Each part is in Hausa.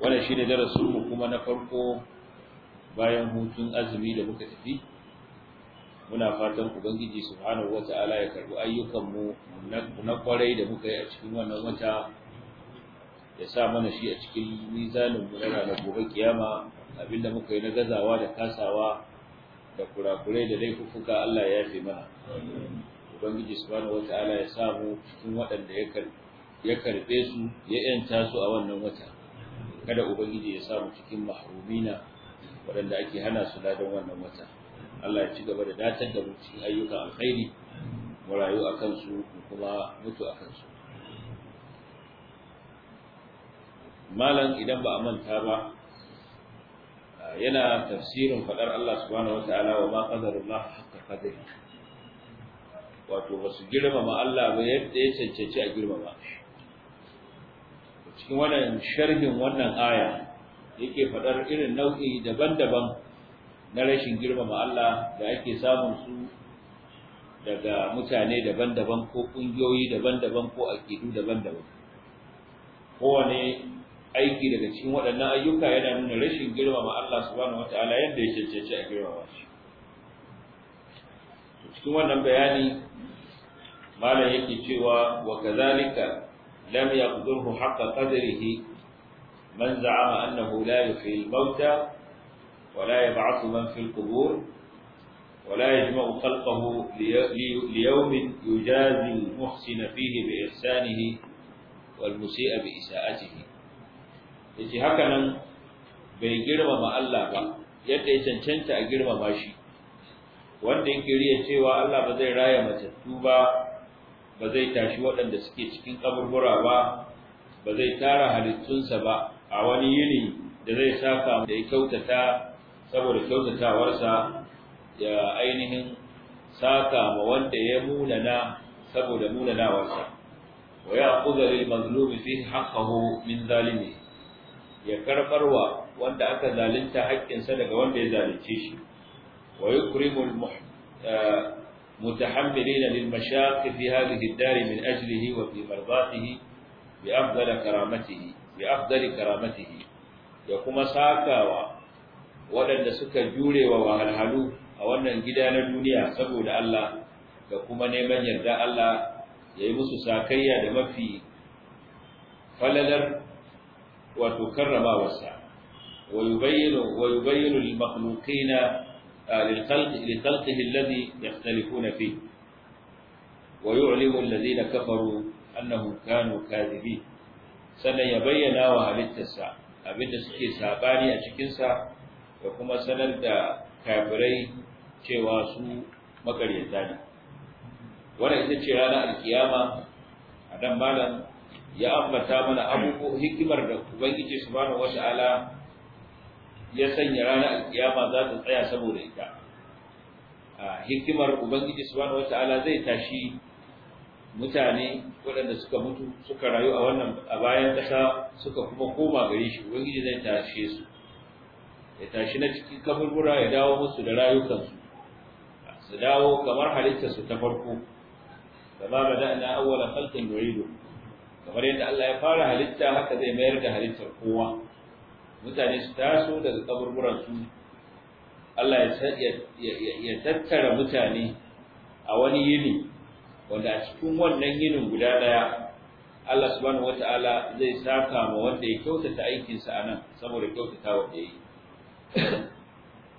wannan shine darasin mu kuma na farko bayan hutun azumi da muka tafi muna fatan ubangiji subhanahu wata'ala ya karbi ayyukan mu na kwarai da muka yi a cikin wannan wata ya sa mana shi a cikin mizanin mu na gobe kiyama abinda muka yi na gazawa da kasawa da kurakurai da laifufuka Allah ya yafe mana ubangiji subhanahu wata'ala ya sa mu cikin waɗanda ya karbe su ya yanta su a wannan wata kada ubangiji ya samu cikin mahrumina waɗanda ake hana su ladan wannan wata Allah ya ci gaba da datar da mu cikin ayyukan alkhairi mu rayu a kansu mu kuma mutu a kansu malam idan ba a manta ba yana tafsirin faɗar Allah subhanahu wata'ala wa ma qadarullah haqqa wato ba su girmama Allah ba yadda ya cancanci a girmama shi cikin wannan sharhin wannan aya yake faɗar irin nau'i daban-daban na rashin girmama Allah da ake samun su daga mutane daban-daban ko ƙungiyoyi daban-daban ko aƙidu daban-daban kowane aiki daga cikin waɗannan ayyuka yana nuna rashin girmama Allah subhanahu wataala yadda ya cancanci a girmama shi cikin wannan bayani malam yake cewa wa kazalika lam yaqdurhu haqqa qadrihi man za'ama annahu la yuhyi al man fi al-qubur wa la yajma'u khalqahu li yawmin yujazi yace haka nan bai girmama Allah ba yadda ya cancanta a girmama shi wanda yake riya cewa Allah ba zai raya matattu ba ba zai tashi waɗanda suke cikin kaburbura ba ba zai tara halittunsa ba a wani yini da zai saka da ya kyautata saboda kyautatawarsa ya ainihin saka ma wanda ya munana saboda munanawarsa wa ya kuza lil mazlumi fi haqqahu min zalimi ya karbarwa wanda aka zalunta haƙƙinsa daga wanda ya zalunce shi wa yukrimul eh, متحملين للمشاق في هذه الدار من أجله وفي مرضاته بأفضل كرامته بأفضل كرامته يقوم ساكا waɗanda suka jure wa wahalhalu a wannan gida na duniya saboda Allah da kuma neman yarda Allah ya yi musu sakayya da mafi falalar wato karramawarsa wa yubayyinu wa للخلق لخلقه الذي يختلفون فيه ويعلم الذين كفروا أنهم كانوا كاذبين سنة يبين وهلتسا abinda suke sabani a cikinsa da kuma sanar da kafirai cewa su makaryata ne ita ce ranar alkiyama a ya ambata mana abubuwan hikimar da ubangiji subhanahu wata'ala ya sanya ranar alƙiyama za ta tsaya saboda ita A hikimar ubangiji subhanahu ta'ala zai tashi mutane waɗanda suka mutu suka rayu a wannan a bayan ƙasa suka kuma koma gare shi ubangiji zai tashe su ya tashi na cikin kaburbura ya dawo musu da rayukansu su dawo kamar halittarsu ta farko kama bada'na awwala khalqin yu'idu kamar yadda Allah ya fara halitta haka zai mayar da halittar kowa mutane su taso daga kaburburan su Allah ya tattara mutane a wani yini wanda a cikin wannan yinin guda daya Allah subhanahu wata'ala zai saka ma wanda ya kyautata aikinsa a nan saboda kyautata wa ya yi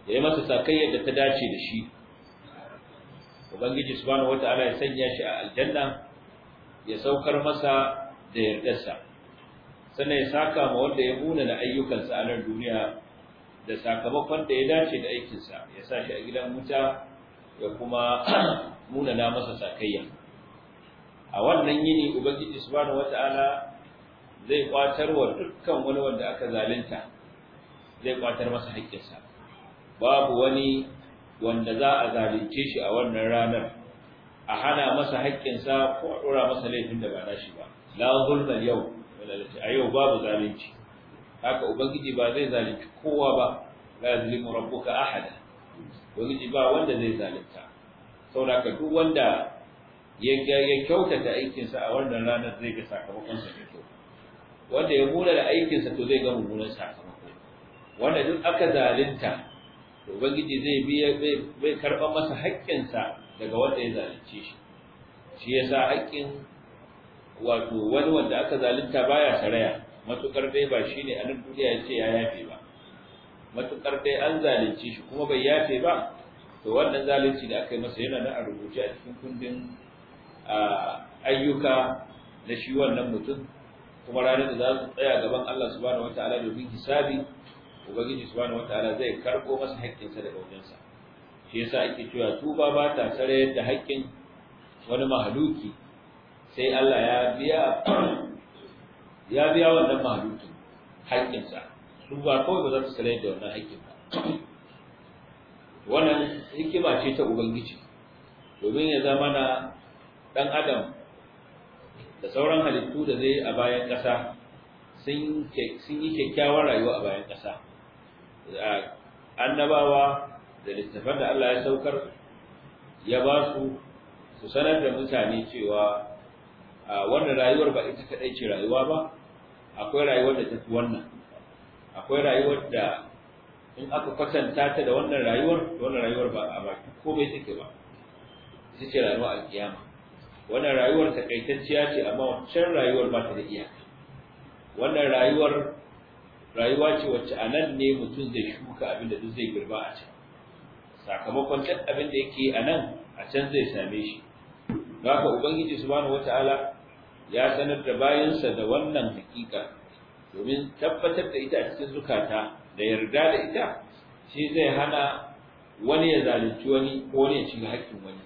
ya yi masa sakayyar da ta dace da shi ubangiji subhanahu wata'ala ya sanya shi a aljanna ya saukar masa da yardarsa sannan ya saka ma wanda ya huna na ayyukansa a nan duniya da sakamakon da ya dace da aikinsa ya sa shi a gidan wuta ya kuma muna na masa sakayya a wannan yini ubangiji subhanahu wata'ala zai kwatar wa dukkan wani wanda aka zalunta zai kwatar masa haƙƙinsa babu wani wanda za a zalunce shi a wannan ranar a hana masa haƙƙinsa ko a ɗora masa laifin da ba na shi ba la zulmal yau zalunci a yau babu zalunci haka ubangiji ba zai zalunci kowa ba la yuzlimu rabbuka ahada ubangiji ba wanda zai zalunta saboda duk wanda ya kyautata aikinsa a wannan ranar zai ga sakamakonsa sa kyau wanda ya mura da aikinsa to zai ga mummunan sakamako wanda duk aka zalunta to ubangiji zai biya bai karɓa masa haƙƙinsa daga wanda ya zalunce shi shi yasa haƙƙin wato wani wanda aka zalunta baya saraya matukar dai ba shine a duniya ya ce ya yafe ba matukar dai an zalunci shi kuma bai yafe ba to wannan zalunci da aka yi masa yana nan a rubuce a cikin kundin ayyuka na shi wannan mutum kuma ranar da za su tsaya gaban Allah subhanahu wataala domin hisabi ubangiji subhanahu wataala zai karko masa haƙƙinsa da wajensa shi yasa ake cewa tuba ba ta sare da haƙƙin wani mahaluki sai Allah ya biya ya biya wannan mahaluki haƙƙinsa su ba kawai ba za su salai da wannan haƙƙin ba wannan hikima ce ta ubangiji domin ya zama na ɗan adam da sauran halittu da zai a bayan ƙasa sun yi kyakkyawar rayuwa a bayan ƙasa annabawa da littafan da Allah ya saukar ya ba su su sanar da mutane cewa wannan rayuwar ba ita ta ce rayuwa ba akwai rayuwar da ta fi wannan akwai rayuwar da in aka kwatanta ta da wannan rayuwar da wannan rayuwar ba a baki komai take ba ita ce rayuwa a kiyama wannan rayuwar takaitacciya ce amma wancan rayuwar ba ta da iyaka wannan rayuwar rayuwa ce wacce a nan ne mutum zai shuka abin da duk zai girba a can sakamakon duk abin da yake a nan a can zai same shi haka ubangiji subhanahu wataala ya sanar da bayansa da wannan hakika domin tabbatar da ita a cikin zukata da yarda da ita shi zai hana wani ya zalunci wani ko wani ya cika haƙƙin wani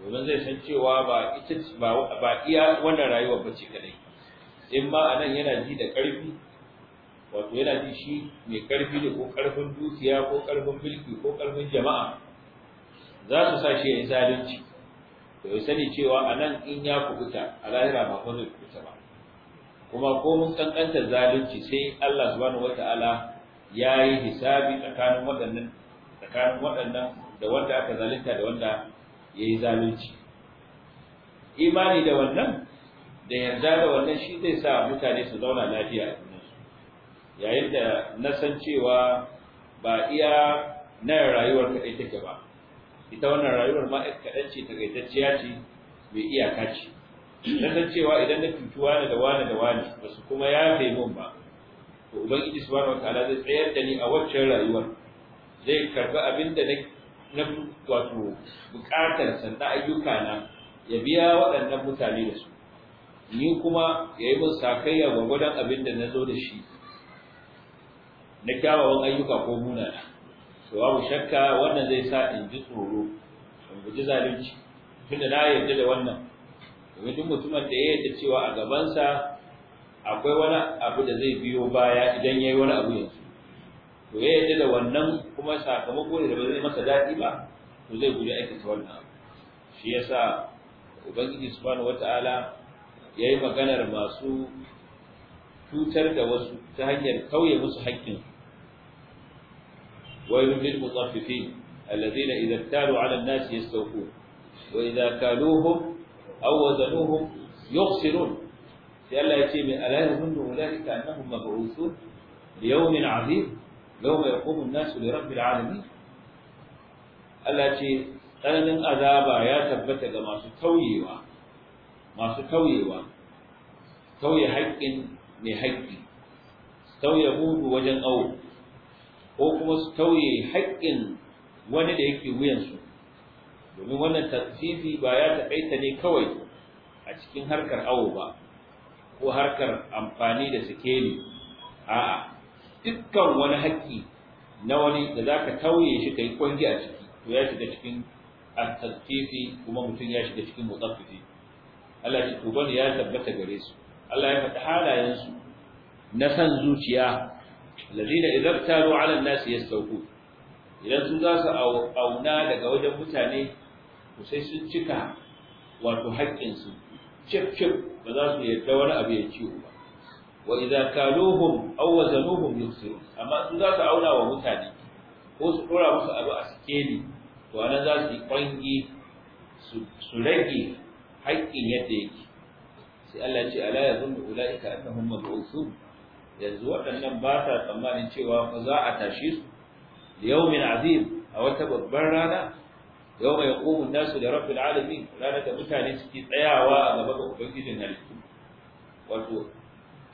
domin zai san cewa ba ita ba iya wannan rayuwar bace kadai in ma anan yana ji da ƙarfi wato yana ji shi mai ƙarfi ne ko ƙarfin dukiya ko ƙarfin mulki ko ƙarfin jama'a za su sa shi ya yi zalunci to ya sani cewa a nan in ya kubuta a lahira ba kuma kubuta ba kuma ko mun kankanta zalunci sai Allah subhanahu wataala ya yi hisabi tsakanin waɗannan tsakanin waɗannan da wanda aka zalunta da wanda ya yi zalunci imani da wannan da yarda da wannan shi zai sa mutane su zauna lafiya a junansu yayin da na san cewa ba iya na rayuwar kaɗai take ba ita wannan rayuwar ma kaɗan ce ce mai iyaka ce na san cewa idan na cuci wani da wani da wani ba kuma ya min ba to ubangiji subhanahu wataala zai tsayar da ni a waccan rayuwar zai karɓi abinda da na wato bukatar sanda ayyuka na ya biya waɗannan mutane da su ni kuma ya yi min sakayya gwagwadon abin da na zo da shi na kyawawan ayyuka ko munana to babu shakka wannan zai sa in ji tsoro in guji zalunci tunda na yarda da wannan domin duk mutumin da ya yarda cewa a gabansa akwai wani abu da zai biyo baya idan ya yi wani abu yanzu to ya yarda da wannan kuma sakamako ne da ba zai masa daɗi ba to zai guji aikata wannan abu shi yasa ubangiji subhanahu wata'ala ya yi maganar masu cutar da wasu ta hanyar kauye musu haƙƙinsu ويل للمطففين الذين إذا اكتالوا على الناس يستوفون وإذا كالوهم أو وزنوهم يخسرون لئلا يتيم ألا يظن أولئك أنهم مبعوثون ليوم عظيم يوم يقوم الناس لرب العالمين ألا تي tsananin azaba ya tabbata ga masu tauyewa masu توي حق haƙƙin توي haƙƙi وجن أو ko kuma su tauye haƙƙin wani da yake wuyansu domin wannan tasifi ba ya taƙaita ne kawai a cikin harkar awo ba ko harkar amfani da sikeli a'a dukkan wani haƙƙi na wani da za ka tauye shi ka yi kwangi a ciki to ya shiga cikin at kuma mutum ya shiga cikin mutsaffifi Allah ya tuba ya tabbata gare su Allah ya faɗi halayen su na san zuciya alladhina idza talu ala an-nasi yastawqu idan sun za su auna daga wajen mutane ko sai sun cika wato haƙƙin su cif cif ba za su yarda wani abu ya ciwo ba wa idza kaluhum aw wazanuhum yukhsirun amma sun za su auna wa mutane ko su dora musu abu a sikeli to anan za su yi kwangi su rage haƙƙin yadda yake sai Allah ce ala yazunnu ulaika annahum mab'uthun yanzu waɗannan ba sa tsammanin cewa ku za a tashi su min azim a wata babbar rana yau mai yaqumu nasu da rabbil alamin ranar da mutane suke tsayawa a gaba ga ubangijin halittu wato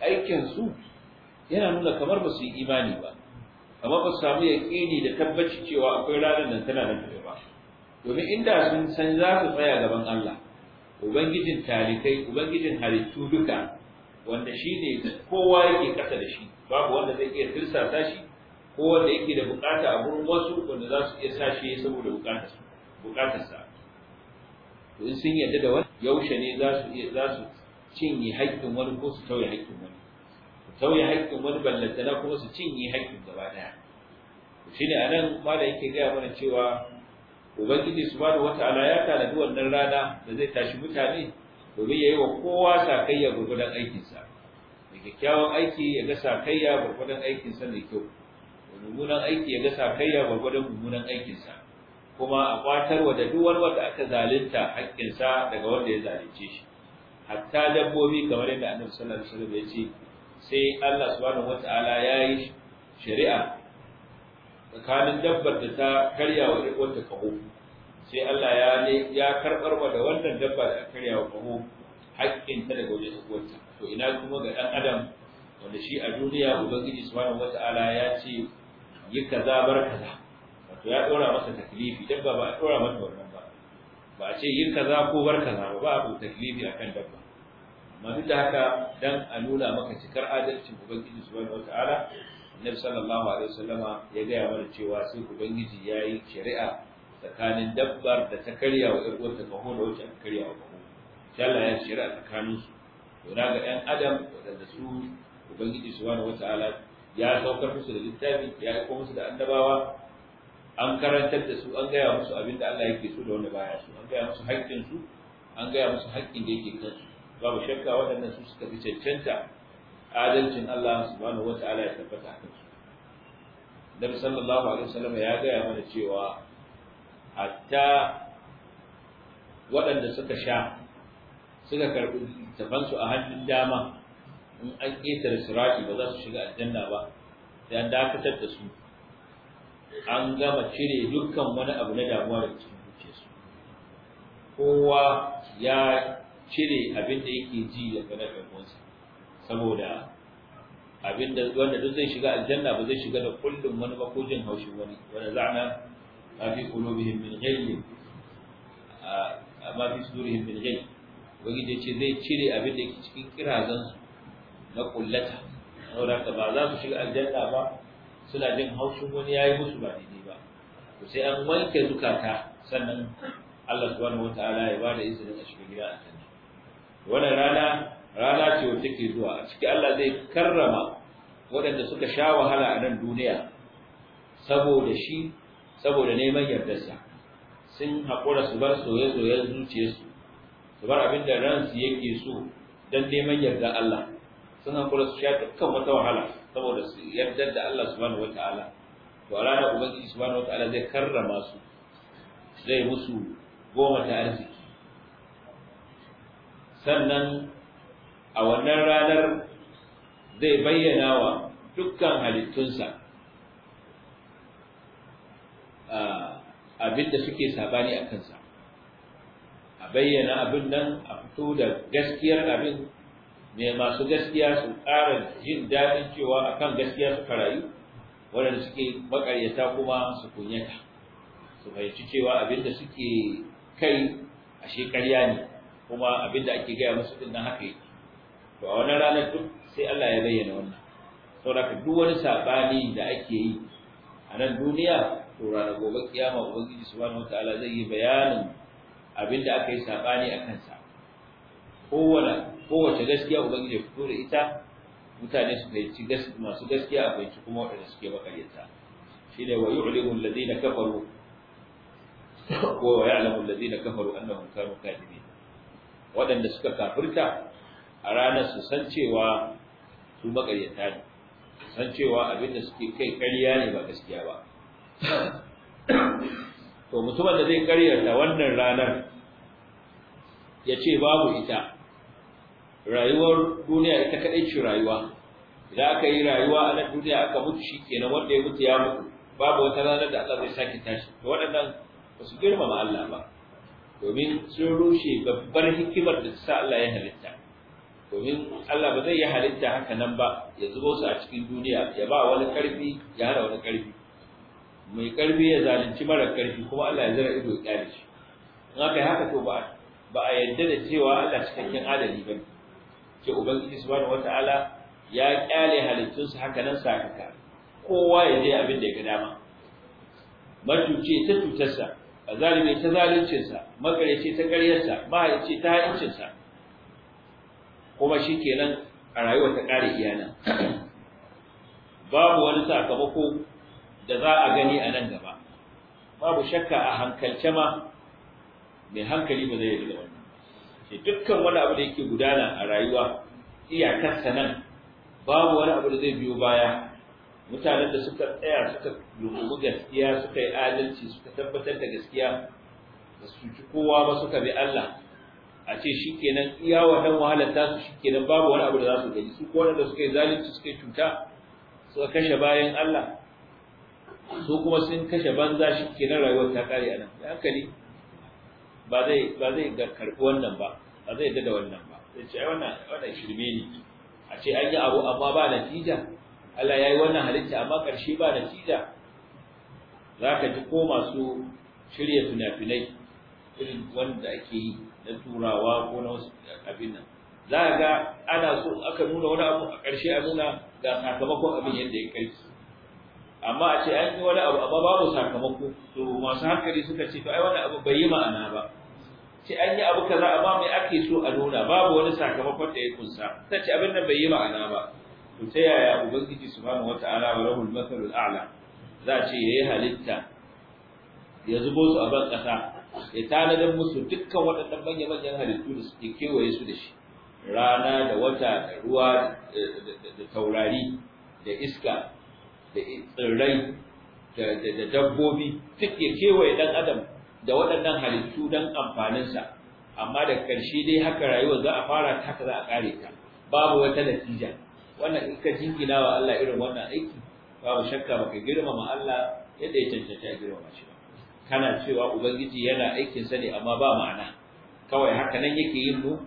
aikin su yana nuna kamar ba su yi imani ba amma ba su samu yaƙini da tabbaci cewa akwai ranar nan tana nan tafi ba domin inda sun san za su tsaya gaban Allah ubangijin talikai ubangijin halittu duka wanda shi ne kowa yake kasa da shi babu wanda zai iya tirsasa shi ko wanda yake da bukata a gurin wasu wanda za su iya sashi saboda bukatarsa sa. to in sun yarda da wani yaushe ne za su iya za su cinye haƙƙin wani ko su tauye haƙƙin wani su tauye haƙƙin wani na kuma su cinye haƙƙin gaba daya shi ne a nan mala yake gaya mana cewa ubangiji subhanahu wata'ala ya tanadi wannan rana da zai tashi mutane domin yayi wa kowa sakayya gurgudan aikinsa mai kyakkyawan aiki ya ga sakayya gurgudan aikinsa mai kyau mummunan aiki ya ga sakayya gurgudan mummunan aikinsa kuma a wa da duk wani wanda aka zalunta haƙƙinsa daga wanda ya zalunce shi hatta dabbobi kamar yadda annabi sallallahu alaihi wasallam ya ce sai Allah subhanahu wataala ya yi shari'a tsakanin dabbar da ta karya wa wata kaho sai Allah ya ne ya karbar wa da wannan dabba da karya wa kuma hakkin ta daga wajen uwarta to ina kuma ga dan adam wanda shi a duniya ubangiji subhanahu wata'ala ya ce yi kaza bar kaza wato ya dora masa taklifi dabba ba a dora masa wannan ba ba a ce yi kaza ko bar kaza ba ba abu taklifi akan dabba amma duk da haka dan a nuna maka cikar adalcin ubangiji subhanahu wata'ala annabi sallallahu alaihi wasallama ya gaya mana cewa sai ubangiji yayi shari'a tsakanin dabbar da ta karya wa ƴar'uwar ta kamo da wacce aka karya wa kamo sai Allah ya shira a tsakanin su to na ga ɗan adam waɗanda su ubangiji wata ala, ya saukar musu da littafi ya aiko musu da annabawa an karantar da su an gaya musu abin da Allah yake so da wanda baya so an gaya musu haƙƙin su an gaya musu haƙƙin da yake kansu babu shakka waɗannan su suka fi cancanta adalcin Allah subhanahu wataala ya tabbata a kansu Nabi sallallahu alaihi wasallam ya gaya mana cewa hatta waɗanda suka sha suka karɓi littafansu a hannun dama in an ƙetare surati ba za su shiga aljanna ba sai an dakatar da su an gama cire dukkan wani abu na damuwa da cikin su, kowa ya cire abin da yake ji ya na ɗan'uwansa saboda abin da wanda duk zai shiga aljanna ba zai shiga da kullum wani ba ko jin haushin wani wanda za'ana ما في قلوبهم من غل ما في صدورهم من غل wani da ce zai cire abin da ke cikin kirazansu na kullata saboda ka ba za su shiga aljanna ba suna jin haushin wani yayi musu ba ba sai an wanke zukata sannan Allah subhanahu wataala ya bada izinin a shiga rana rana ce wacce ke zuwa a ciki Allah zai karrama waɗanda suka sha wahala a nan duniya saboda shi saboda neman yardarsa sun haƙura su bar soye-soyen zuciyarsu su bar abin da ransu yake so don neman yarda Allah sun haƙura su sha dukkan wata wahala saboda su yardar da Allah subhanahu wata'ala to a ranar ubangiji subhanahu wata'ala zai karrama su zai musu goma ta arziki sannan a wannan ranar zai bayyana wa dukkan halittunsa abin da suke sabani a kansa a bayyana abin nan a fito da gaskiyar abin mai masu gaskiya su ƙara jin daɗin cewa a kan gaskiya su karayu waɗanda suke makaryata kuma su kunyata su fahimci cewa abin da suke kai a ƙarya ne kuma abin da ake gaya musu ɗin nan haka yake to a wannan ranar duk sai Allah ya bayyana wannan saboda duk wani saɓani da ake yi a nan duniya to ranar gobe kiyama ubangiji subhanahu wataala zai yi bayanin abin da aka yi sabani a kansa kowane kowace gaskiya ubangiji ya fito da ita mutane su fahimci masu gaskiya a fahimci kuma waɗanda suke makaryata shi ne wa yu'limu alladhina kafaru wa ya'lamu alladhina kafaru annahum kanu kadibin waɗanda suka kafirta a ranar su san cewa su makaryata ne san cewa abin da suke kai ƙarya ne ba gaskiya ba to mutumin da zai karyata wannan ranar ya ce babu ita rayuwar duniya ita kaɗai ce rayuwa idan aka yi rayuwa a nan duniya aka mutu shi kenan wanda ya mutu ya mutu babu wata ranar da Allah zai sake tashi to waɗannan ba su girmama Allah ba domin sun rushe babbar hikimar da ta sa Allah ya halitta domin Allah ba zai yi halitta haka nan ba ya zubo su a cikin duniya ya ba wani karfi ya hana wani karfi mai karfi ya zalunci mara karfi kuma Allah ya zara ido ya kyale shi in aka yi haka to ba ba a yadda da cewa Allah cikakken adali ba ce ubangiji subhanahu wataala ya kyale halittunsa haka nan sakaka kowa ya je abin da ya ga dama matuce ta tutarsa azalimi ta zaluncinsa ce ta karyarsa ce ta hancinsa kuma shi kenan a rayuwa ta kare iyana babu wani sakamako da za a gani a nan gaba babu shakka a hankalce ma mai hankali ba zai yi da wannan sai dukkan wani abu da yake gudana a rayuwa iyakarsa nan babu wani abu da zai biyo baya mutanen da suka tsaya suka rungumi gaskiya suka yi adalci suka tabbatar da gaskiya ba su ci kowa ba suka bi Allah a ce shi kenan iya wannan wahalar tasu kenan babu wani abu da za su gani su ko da suka yi zalunci suka yi cuta suka kashe bayan Allah su kuma sun kashe banza shi ke nan rayuwar ta kare anan da hankali ba zai ba zai ga karbi wannan ba ba zai yadda da wannan ba sai ce ai wannan wannan shirme ne a ce an yi abu amma ba natija Allah ya yi wannan halitta amma ƙarshe ba natija za ka ji ko masu shirya fina-finai irin wanda ake yi na turawa ko na wasu abin nan za ga ana so aka nuna wani abu a ƙarshe a nuna ga sakamakon abin yadda ya kai amma a ce an yi wani abu amma babu sakamako to masu hankali suka ce to ai wani abu bai yi ma'ana ba ce an yi abu kaza amma mai ake so a nuna babu wani sakamakon da ya kunsa ta ce abin nan bai yi ma'ana ba to ta yaya ubangiji subhanahu wata'ala wa rahul masalul a'la za a ce yayi halitta ya zubo su a ban kasa ya tanadar musu dukkan waɗannan manya-manyan halittu da suke kewaye su da shi rana da wata da ruwa da taurari da iska da tsirrai da dabbobi duk ya kewaye dan adam da waɗannan halittu dan amfaninsa amma da ƙarshe dai haka rayuwar za a fara ta ka za a kare ta babu wata natija wannan in ka jingina wa Allah irin wannan aiki babu shakka baka girmama Allah yadda ya cancanta girmama shi kana cewa ubangiji yana aikin sa ne amma ba ma'ana kawai haka nan yake yin mu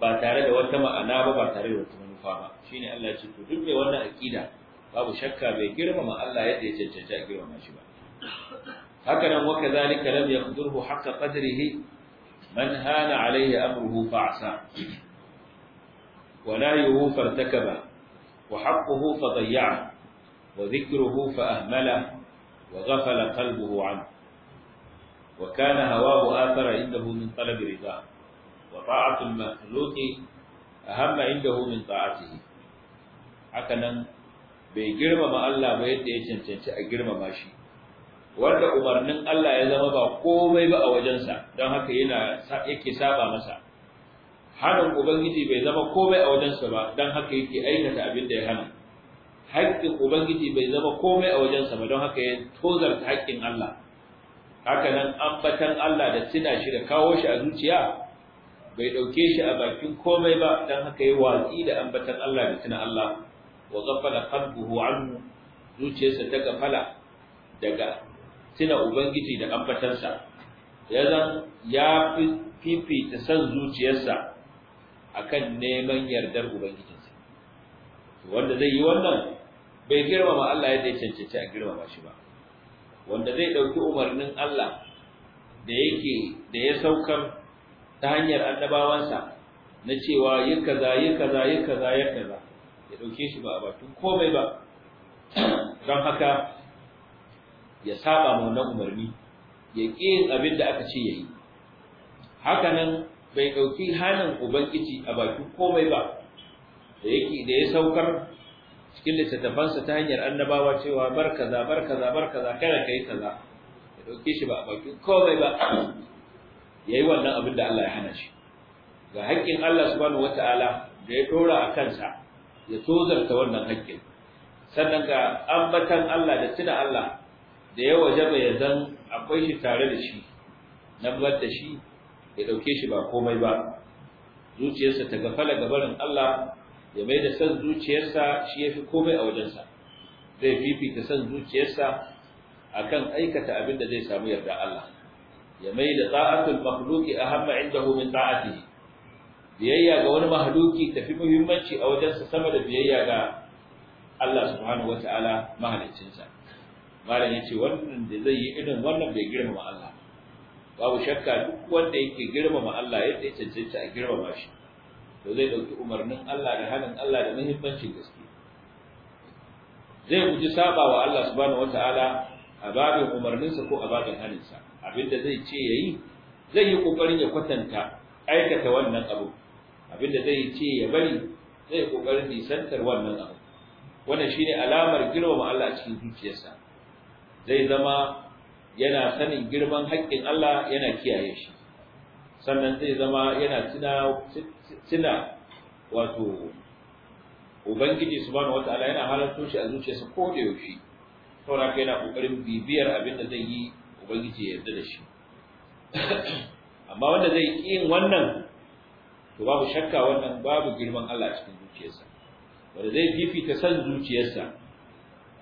ba tare da wata ma'ana ba ba tare da wata manufa ba shine Allah ya ce to duk mai wannan akida babu shakka bai girmama Allah yadda ya cancanta a girmama shi ba haka nan waka zalika lam yaqdurhu haqqa qadrihi man hana alayhi amruhu fa'sa wa la yuhu fartakaba wa haqquhu fa dayya'a wa dhikruhu fa ahmala wa ghafala qalbuhu an wa kana hawahu athara indahu min talabi ridha wa ta'atul makhluqi ahamma indahu min ta'atihi haka nan bai girmama Allah ba yadda ya cancanci a girmama shi wanda umarnin Allah ya zama ba komai ba a wajensa don haka yana yake saba masa hanin ubangiji bai zama komai a wajensa ba don haka yake aikata abin da ya hana haƙƙin ubangiji bai zama komai a wajensa ba don haka ya tozarta haƙƙin Allah haka nan ambatan Allah da tuna shi da kawo shi a zuciya bai ɗauke shi a bakin komai ba don haka ya watsi da ambatan Allah da tuna Allah wa ghafala qalbuhu anhu zuciyarsa ta gafala daga tuna ubangiji da ambatarsa ya zan ya fifita san zuciyarsa akan neman yardar ubangijinsa wanda zai yi wannan bai girmama Allah yadda ya cancanci a girmama shi ba wanda zai ɗauki umarnin Allah da yake da ya saukar ta hanyar annabawansa na cewa yi kaza yi kaza yi kaza yi kaza ya ɗauke shi ba a batun komai ba don haka ya saba ma wannan umarni ya ƙi abin da aka ce ya yi hakanan bai ɗauki hannun ubangiji a bakin komai ba da yake da ya saukar cikin littattafansa ta hanyar annabawa cewa bar kaza bar kaza bar kaza kada kai kaza ya ɗauke shi ba a bakin komai ba yayi wannan abin da Allah ya hana shi ga haƙƙin Allah subhanahu wata'ala da ya dora a kansa ya tozarta wannan haƙƙin sannan ga ambatan Allah da tuna Allah da ya wajaba ya zan akwai shi tare da shi nan bar da shi ya dauke shi ba komai ba zuciyarsa ta gafala gabarin Allah ya mai da san zuciyarsa shi yafi komai a wajensa zai fifita san zuciyarsa akan aikata abin da zai samu yarda Allah ya mai da ta'atul makhluqi ahamma indahu min ta'atihi biyayya ga wani mahaluki tafi muhimmanci a wajensa sama da biyayya ga Allah subhanahu wataala mahaliccinsa malam yace wannan da zai yi irin wannan bai girmama Allah babu shakka duk wanda yake girmama Allah yadda ya cancanta a girmama shi to zai dauki umarnin Allah da hanin Allah da muhimmancin gaske zai guji saba wa Allah subhanahu wataala a babin umarninsa ko a babin sa abinda zai ce yayi zai yi kokarin ya kwatanta aikata wannan abu abinda zai ce ya bari zai kokarin nisantar wannan abu wannan shine alamar girmama Allah cikin zuciyarsa zai zama yana sanin girman haƙƙin Allah yana kiyaye shi sannan zai zama yana tuna tuna wato ubangiji subhanahu wataala yana halarto shi a zuciyarsa ko da yaushe saboda yana kokarin bibiyar abinda da zai yi ubangiji ya yarda da shi amma wanda zai ƙi yin wannan to babu shakka wannan babu girman Allah cikin zuciyarsa wanda zai fifita san zuciyarsa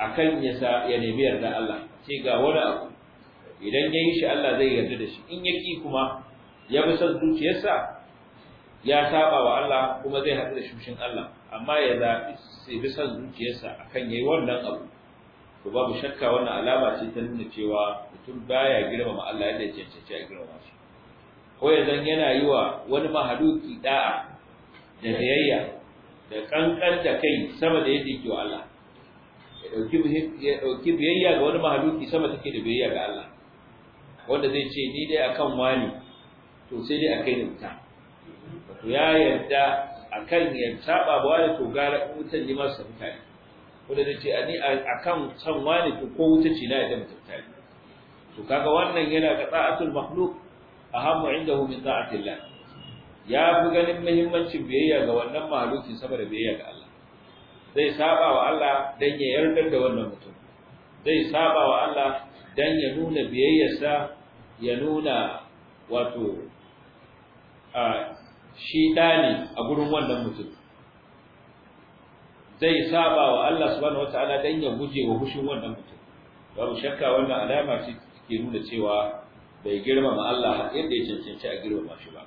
akan ya sa ya nemi yarda Allah sai ga wani abu idan ya yi shi Allah zai yarda da shi in ya ki kuma ya bi san zuciyarsa ya saba wa Allah kuma zai haɗu da shushin Allah amma ya zaɓi sai bi san zuciyarsa akan yi wannan abu to babu shakka wannan alama ce ta nuna cewa mutum baya girmama Allah yadda ya cancanci a girmama shi ko zan yana yi wa wani mahaluki da'a da biyayya da kankan da kai sama da yadda yake wa Allah ya dauki biyayya ga wani mahaluki sama take da biyayya ga Allah wanda zai ce ni dai akan wani to sai dai akai ne wuta to ya yarda akan ya saba ba wani to gara wutan ji masa mutane wanda zai ce ni akan san wani to ko wuta ce na yadda mutane to kaga wannan yana tsa'atul makhluq ahamu indahu min ta'atillah ya fi ganin muhimmancin biyayya ga wannan mahaluki sama da biyayya ga Allah zai saba wa Allah dan ya yarda da wannan mutum zai saba wa Allah dan ya nuna biyayyarsa ya nuna wato a shi dani a gurin wannan mutum zai saba wa Allah subhanahu wataala dan ya guje wa hushin wannan mutum babu shakka wannan alama ce ke nuna cewa bai girmama Allah yadda ya cancanci a girmama shi ba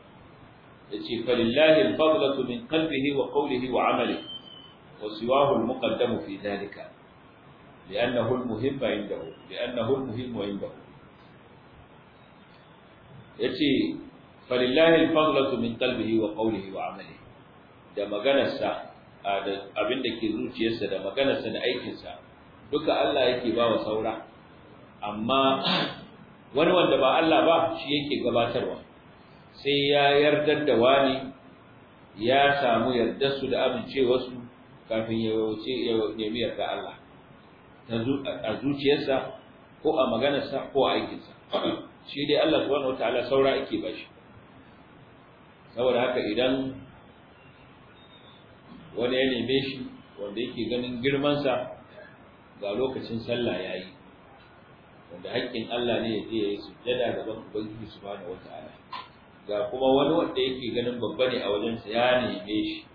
Ya ce falillahi al-fadlatu min qalbihi wa qawlihi wa amalihi wa siwahu al-muqaddamu fi dhalika لأنه المهم عنده لأنه المهم Ya ce falillahi al-fadlatu min qalbihi wa qawlihi wa amalihi da maganarsa da abin da ke zuciyarsa da maganarsa da aikinsa duka Allah yake ba wa saura amma wani wanda ba Allah ba shi yake gabatarwa sai ya yardar da wani ya samu yardar su da amincewarsu kafin ya wuce ya nemi yarda Allah a zuciyarsa ko a maganarsa ko a aikinsa shi dai Allah subhanahu wataala saura yake bashi saboda haka idan wani ya neme shi wanda yake ganin girmansa ga lokacin sallah yayi wanda haƙƙin Allah ne ya je ya yi sujjada ban Ubangiji subhanahu wata'ala ga kuma wani wanda yake ganin babba ne a wajensa ya neme shi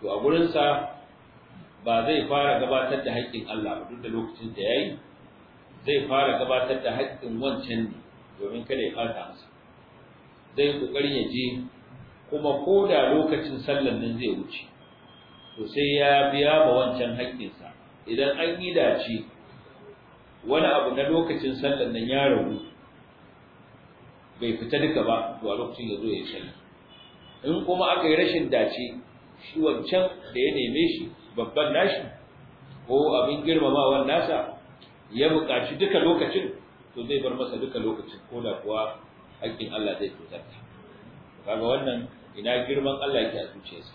to a sa ba zai fara gabatar da haƙƙin Allah ba duk da lokacin da ya yi zai fara gabatar da haƙƙin wancan ne domin kada ya fata masa zai ƙoƙarin ya je kuma ko da lokacin sallan nan zai wuce to sai ya biya ba wancan haƙƙinsa idan an yi dace wani abu na lokacin sallar nan ya ragu bai fita duka ba to a lokacin ya zo ya yi in kuma aka yi rashin dace shi wancan da ya neme shi babban nashi ko abin girmamawan nasa ya buƙaci duka lokacin to zai bar masa duka lokacin ko da kuwa haƙƙin Allah zai cutar ta kaga wannan ina girman Allah yake a zuciyarsa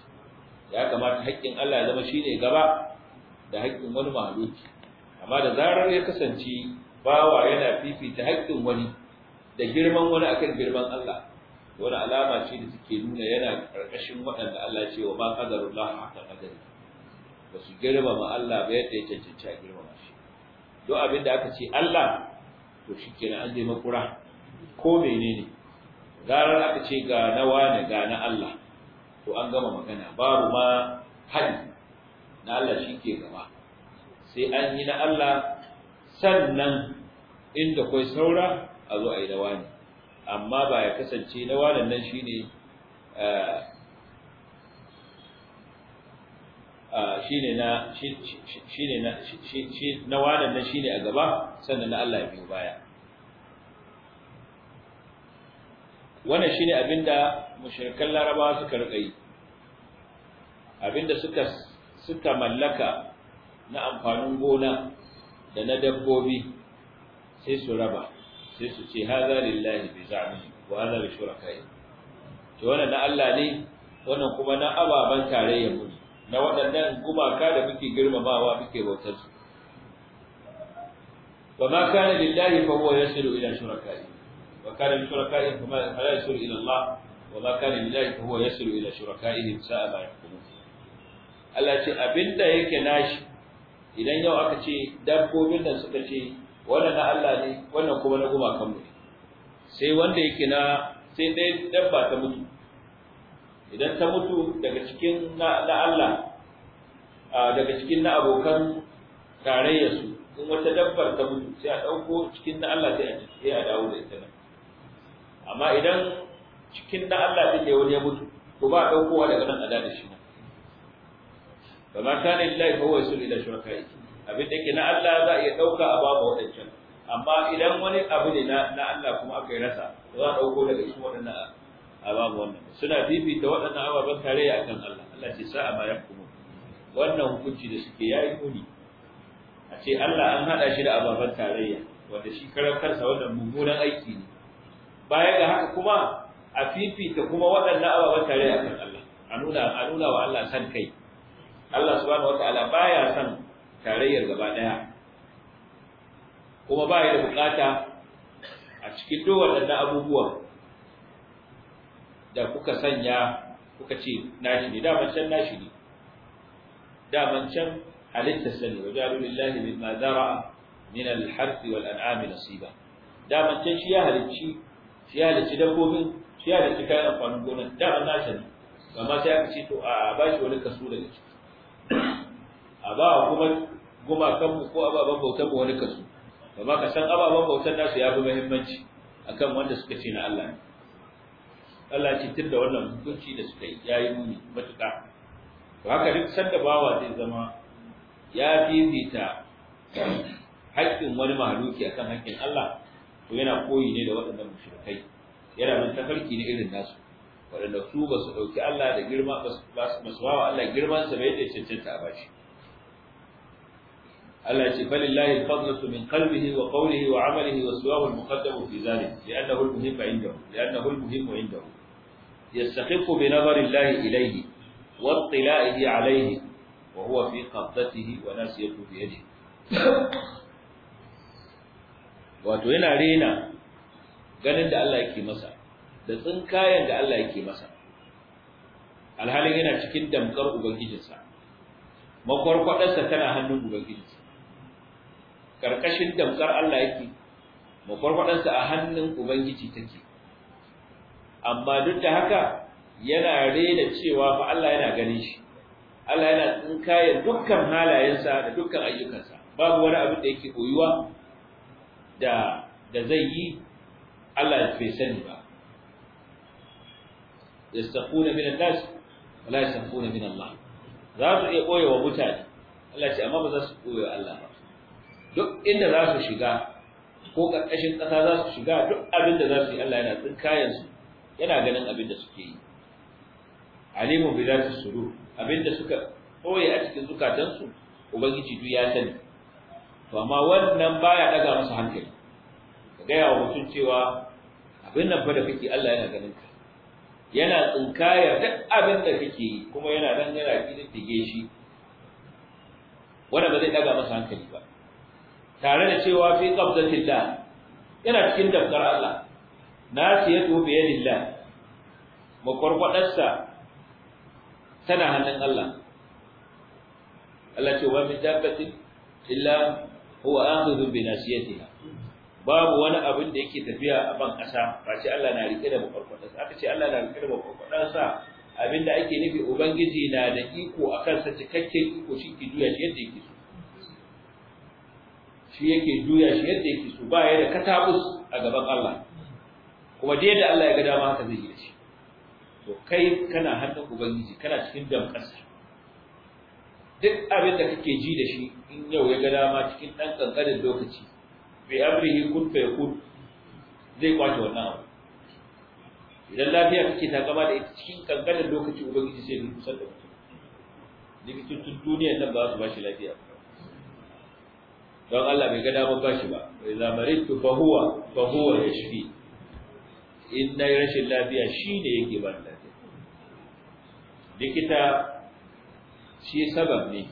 ya kamata haƙƙin Allah ya zama shine gaba da haƙƙin wani mahaluki amma da zarar ya kasance bawa yana fifita haƙƙin wani da girman wani akan girman Allah wani alama ce da suke nuna yana ƙarƙashin waɗanda Allah ce wa ma qadarullah haqqa qadari ba su girmama Allah ba yadda ya cancanci a girmama shi duk abin da aka ce Allah to shi shikenan an je makura ko menene zarar aka ce ga na wane ga na Allah to an gama magana babu ma hadi na Allah shi ke gaba sai an yi na Allah sannan inda kwai saura a zo a yi na amma ba ya kasance na wanan nan shine shine na shine na shi na a gaba sannan na Allah ya biyo baya wannan shine abinda mushrikan larabawa suka rika abinda suka mallaka na amfanin gona da na dabbobi sai su raba sai su ce haza lillahi bi za'mi wa haza li shurakai to wannan na Allah ne wannan kuma na ababan tarayya mu na waɗannan gumaka da muke girmamawa muke bautar su wa ma kana lillahi fa huwa yasiru ila shurakai wa kana li shurakai fa ma la yasilu ila Allah wa ma kana lillahi fa huwa yasiru ila shurakai sa'a ma yahkumun Allah ce abinda yake nashi idan yau aka ce dabbobin nan suka ce wannan na Allah ne wannan kuma na gumakan mu sai wanda yake na sai dai dabba ta mutu idan ta mutu daga cikin na Allah daga cikin na abokan tarayyarsu in wata dabbar ta mutu sai a ɗauko cikin na Allah sai a sai a dawo da ita amma idan cikin na Allah ɗin ne wani ya mutu to ba a ɗaukowa daga nan a da shi nan kama kana lillahi fa huwa yasul ila shuraka'i abin da ke na Allah za a iya dauka a babu wadancan amma idan wani abu ne na na Allah kuma aka yi rasa za a dauko daga cikin wadannan a babu wannan suna fifita wadannan ababen tarayya akan Allah Allah ce sa'a ma yahkumu wannan hukunci da suke yayi muni a ce Allah an hada shi da ababen tarayya wanda shi karan kansa wannan mummunan aiki ne baya ga haka kuma a fifita kuma waɗannan ababen tarayya akan Allah a nuna a nuna wa Allah san kai Allah subhanahu wataala baya son tarayyar gaba daya kuma baya da bukata a cikin duk waɗannan abubuwa da kuka sanya kuka ce nashi ne daman can nashi ne daman can halittar sani wa jaru lillahi ma zara min al-harth wal an'am nasiba daman can shi ya halicci shi ya halicci dabbobin shi ya halicci kayan amfanin gonar daman nashi ne amma sai aka ce to a bashi wani kaso daga ciki a ba kuma gumakanmu ko ababen bautar mu wani kasu ma ka san ababen bautar nasu ya fi muhimmanci akan wanda suka ce na Allah ne Allah ce da wannan hukunci da suka yi yayi muni matuka. to haka duk sanda bawa zai zama ya fifita haƙƙin wani mahaluki akan haƙƙin Allah to yana koyi ne da waɗannan mushrikai yana bin tafarki ne irin nasu waɗanda su ba su ɗauki Allah da girma ba su ba Allah girman sa bai da cancanta ba shi Allah ce falillahi al-fadlatu min qalbihi wa qawlihi wa amalihi wa siwahu al-muqaddamu fi zalik li'annahu al-muhim indahu li'annahu al-muhim indahu yastahiqu bi nadari Allah ilayhi wa ittila'ihi alayhi wa huwa fi qabdatihi wa nasiyatu bi yadihi wato yana rena ganin da Allah yake masa da tsinkayen da Allah yake masa alhalin yana cikin damkar ubangijinsa makwarkwadarsa tana hannun ubangijinsa karkashin damkar Allah yake makwarkwadarsa a hannun ubangiji take amma duk da haka yana rena cewa fa Allah yana ganin shi Allah yana tsinkayen dukkan halayensa da dukkan ayyukansa babu wani abin da yake koyuwa da zai yi Allah bai sani ba yastaquna min an-nas wa la yastaquna min Allah za su iya koye wa mutane Allah ce amma ba za su koye Allah ba duk inda za su shiga ko ƙarƙashin ƙasa za su shiga duk abin da za su yi Allah yana tsinkayen su yana ganin abin da suke yi alimun bi zati sudur abin da suka koye a cikin zukatansu ubangiji duk ya sani to amma wannan baya daga musu hankali ka gaya wa mutum cewa abin nan fa da kake Allah yana ganin ka yana tsinkaya duk abin da kake yi kuma yana nan yana kididdige shi wanda ba zai daga masa hankali ba tare da cewa fi qabdatillah yana cikin dafkar Allah Na tobe ya yadillah makwarkwadarsa tana hannun Allah Allah ce wa min dabbatin illa huwa akhudhu bi nasiyatiha babu wani abin da yake tafiya a ban ƙasa face Allah na rike da mafarkwadarsa aka ce Allah na rike da mafarkwadarsa abinda ake nufi ubangiji na da iko a kansa cikakken iko shi ke juya shi yadda yake so shi yake juya shi yadda yake so ba ya da katabus a gaban Allah kuma da yadda Allah ya ga dama haka zai yi shi to kai kana hannun ubangiji kana cikin damƙasa duk abin da kake ji da shi in yau ya ga dama cikin ɗan ƙanƙanin lokaci bi amrihi kun fa yakun zai kwace wannan abu idan lafiya kake ta gaba da ita cikin kankanin lokaci ubangiji sai ya kusa da mutum tun duniyar nan ba su ba shi lafiya don Allah bai ga damar ba shi ba bai zamarin tu fahuwa fahuwa ya shi in na yi rashin lafiya shi ne yake ba lafiya likita shi sabab ne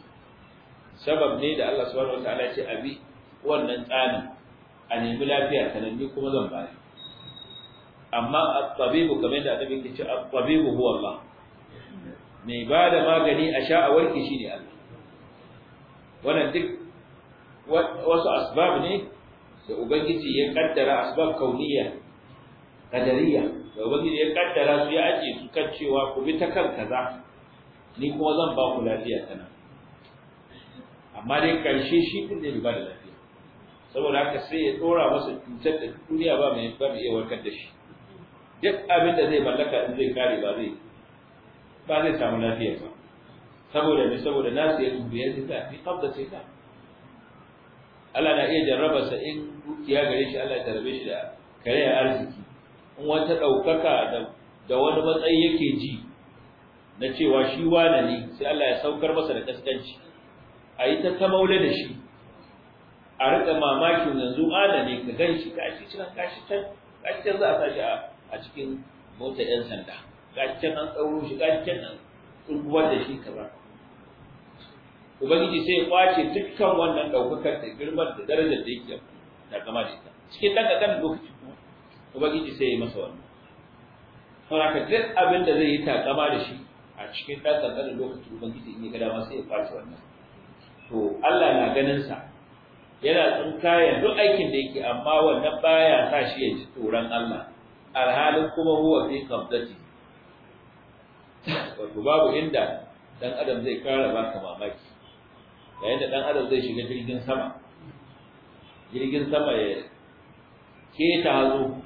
sabab ne da Allah subhanahu wa ta'ala ce abi wannan tsanin a nemi lafiya sanan ni kuma zan bayar amma at-tabibu kamar da annabi ke ce at-tabibu huwa Allah mai ba da magani a sha a warke shine Allah wannan duk wasu asbab ne da ubangiji ya kaddara asbab kauniya kadariya da ubangiji ya kaddara su ya ake su kan cewa ku bi ta kan kaza ni kuma zan ba ku lafiya tana amma dai karshe shi din ne ba da saboda haka sai ya dora masa cutar da duniya ba mai ba mai iya warkar da shi duk abin da zai mallaka in zai kare ba zai ba zai samu lafiya ba saboda me saboda nasu ya dubiya zai ta fi qabda sai ta Allah na iya jarraba sa in dukiya gare shi Allah ya jarrabe shi da kare arziki in wata daukaka da da wani matsayi yake ji na cewa shi wane ne sai Allah ya saukar masa da kaskanci a yi ta ta maula da shi a riƙa mamakin yanzu alami ka gan shi gashi can gashi can gashi can za a sashi a cikin mota ɗan sanda gashi can an tsauro shi gashi can an tsurguwar da shi kaza ubangiji sai ya kwace dukkan wannan ɗaukakar da girman da darajar da yake da kama da ita cikin ɗan ƙaƙan lokaci kuma ubangiji sai ya masa wannan ka duk abin da zai yi takama da shi a cikin ɗan ƙaƙan lokaci ubangiji in ya ga dama sai ya kwace wannan to Allah na ganin sa yana ya duk aikin da yake amma wannan baya sa shi ya ji tsoron Allah alhalin kuma huwa fi qabdati wato babu inda dan adam zai kara baka mamaki yayin da dan adam zai shiga jirgin sama jirgin sama ya keta hazo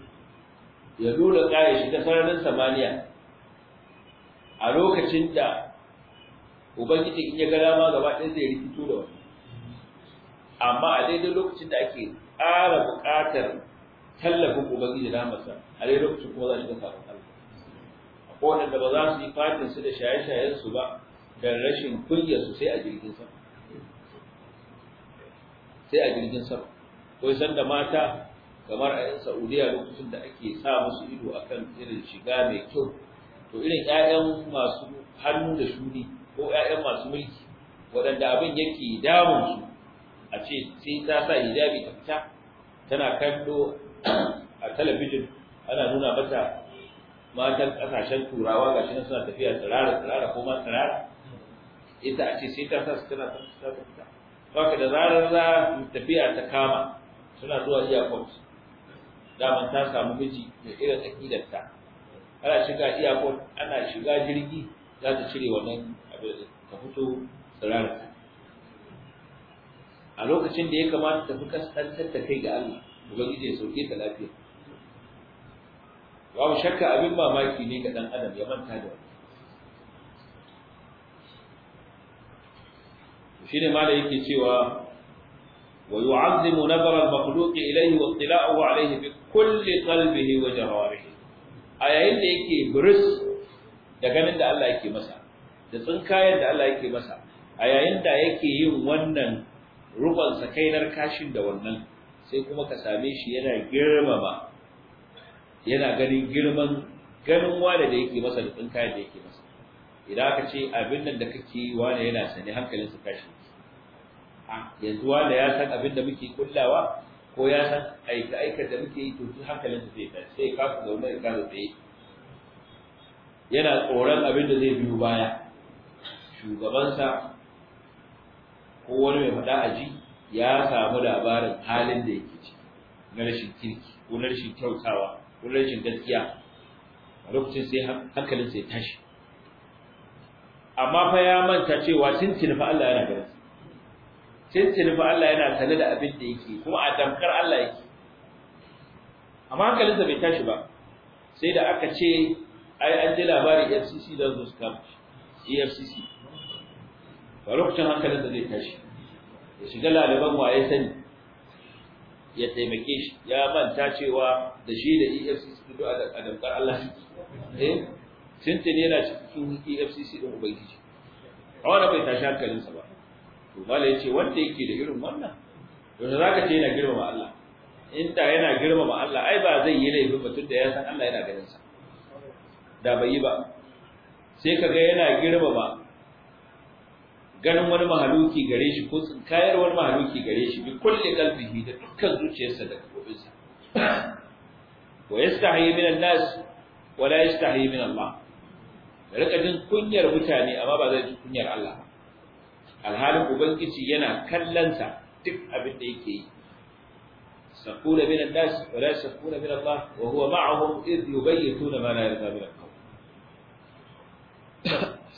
ya lura kaya shiga sararin samaniya a lokacin da ubangiji in ya gada ma gaba ɗaya zai rikito da wani amma a daidai lokacin da ake ƙara buƙatar tallafin ubangiji na masa a daidai lokacin kuma za a shiga sabon Allah kowane da ba za su yi fatin su da shaye-shayen su ba da rashin kunya su sai a jirgin sama sai a jirgin sama ko san da mata kamar a yan Saudiya lokacin da ake sa musu ido akan irin shiga mai kyau to irin ƴaƴan masu hannu da shuni ko ƴaƴan masu mulki waɗanda abin yake damun su a ce sai ta sa hijabi ta fita tana kallo a talabijin ana nuna mata matan kasashen turawa Ga shi suna tafiya tsirara tsirara ko ma tsirara ita a ce sai ta sa su tana ta fita haka da zarar za tafiya ta kama suna zuwa iyakon daman ta samu miji mai irin akidarta ana shiga iyakon ana shiga jirgi za ta cire wannan abin ta fito tsirara a lokacin da ya kamata ta fi kasantar da kai ga Allah ubangiji ya sauke ta lafiya babu shakka abin mamaki ne ga dan adam ya manta da wani ne ma da yake cewa wa yu'azzimu nazara al-makhluq ilayhi wa ittila'uhu alayhi bi kulli qalbihi wa jawarihi a yayin da yake buris da ganin da Allah yake masa da tsinkayen da Allah yake masa a yayin da yake yin wannan rubon kainar kashin da wannan sai kuma ka same shi yana girmama yana ganin girman ganin wane da yake masa da tsinkayen da yake masa idan aka ce abin nan da kake yi wane yana sane hankalin su kashi yanzu wane ya san abin da muke kullawa ko ya san aika aika da muke yi to duk hankalin su zai tashi sai ka kuma wannan ka zo tsaye yana tsoron abin da zai biyo baya shugabansa ko wani mai faɗa ji ya samu labarin halin da yake ci na rashin kirki ko na rashin kyautawa ko na rashin gaskiya a lokacin sai hankalin sai tashi amma fa ya manta cewa tintin fa Allah yana garin tintin fa Allah yana sane da abin da yake kuma a damkar Allah yake amma hankalin sa bai tashi ba sai da aka ce ai an ji labarin FCC da zo su kama EFCC a lokacin da zai tashi ya shiga laliban waye sani ya taimake shi ya manta cewa da shi da EFCC duk a damkar Allah eh ne yana cikin EFCC din ubangiji a bai tashi hankalinsa ba to mala yace wanda yake da irin wannan to za ka ce yana girmama Allah in da yana girmama Allah ai ba zai yi laifin mutum da ya san Allah yana ganin sa da bai yi ba sai kaga yana girmama ganin wani mahaluki gare shi ko tsinkayar wani mahaluki gare shi bi kulli qalbihi da dukkan zuciyarsa da gobinsa wa yastahi min an-nas wa la yastahi min Allah rika jin kunyar mutane amma ba zai ji kunyar Allah ba. alhalin ubangiji yana kallansa duk abin da yake yi سقول من الناس ولا يسقون من الله وهو معهم إذ يبيتون ما لا يرضى من القول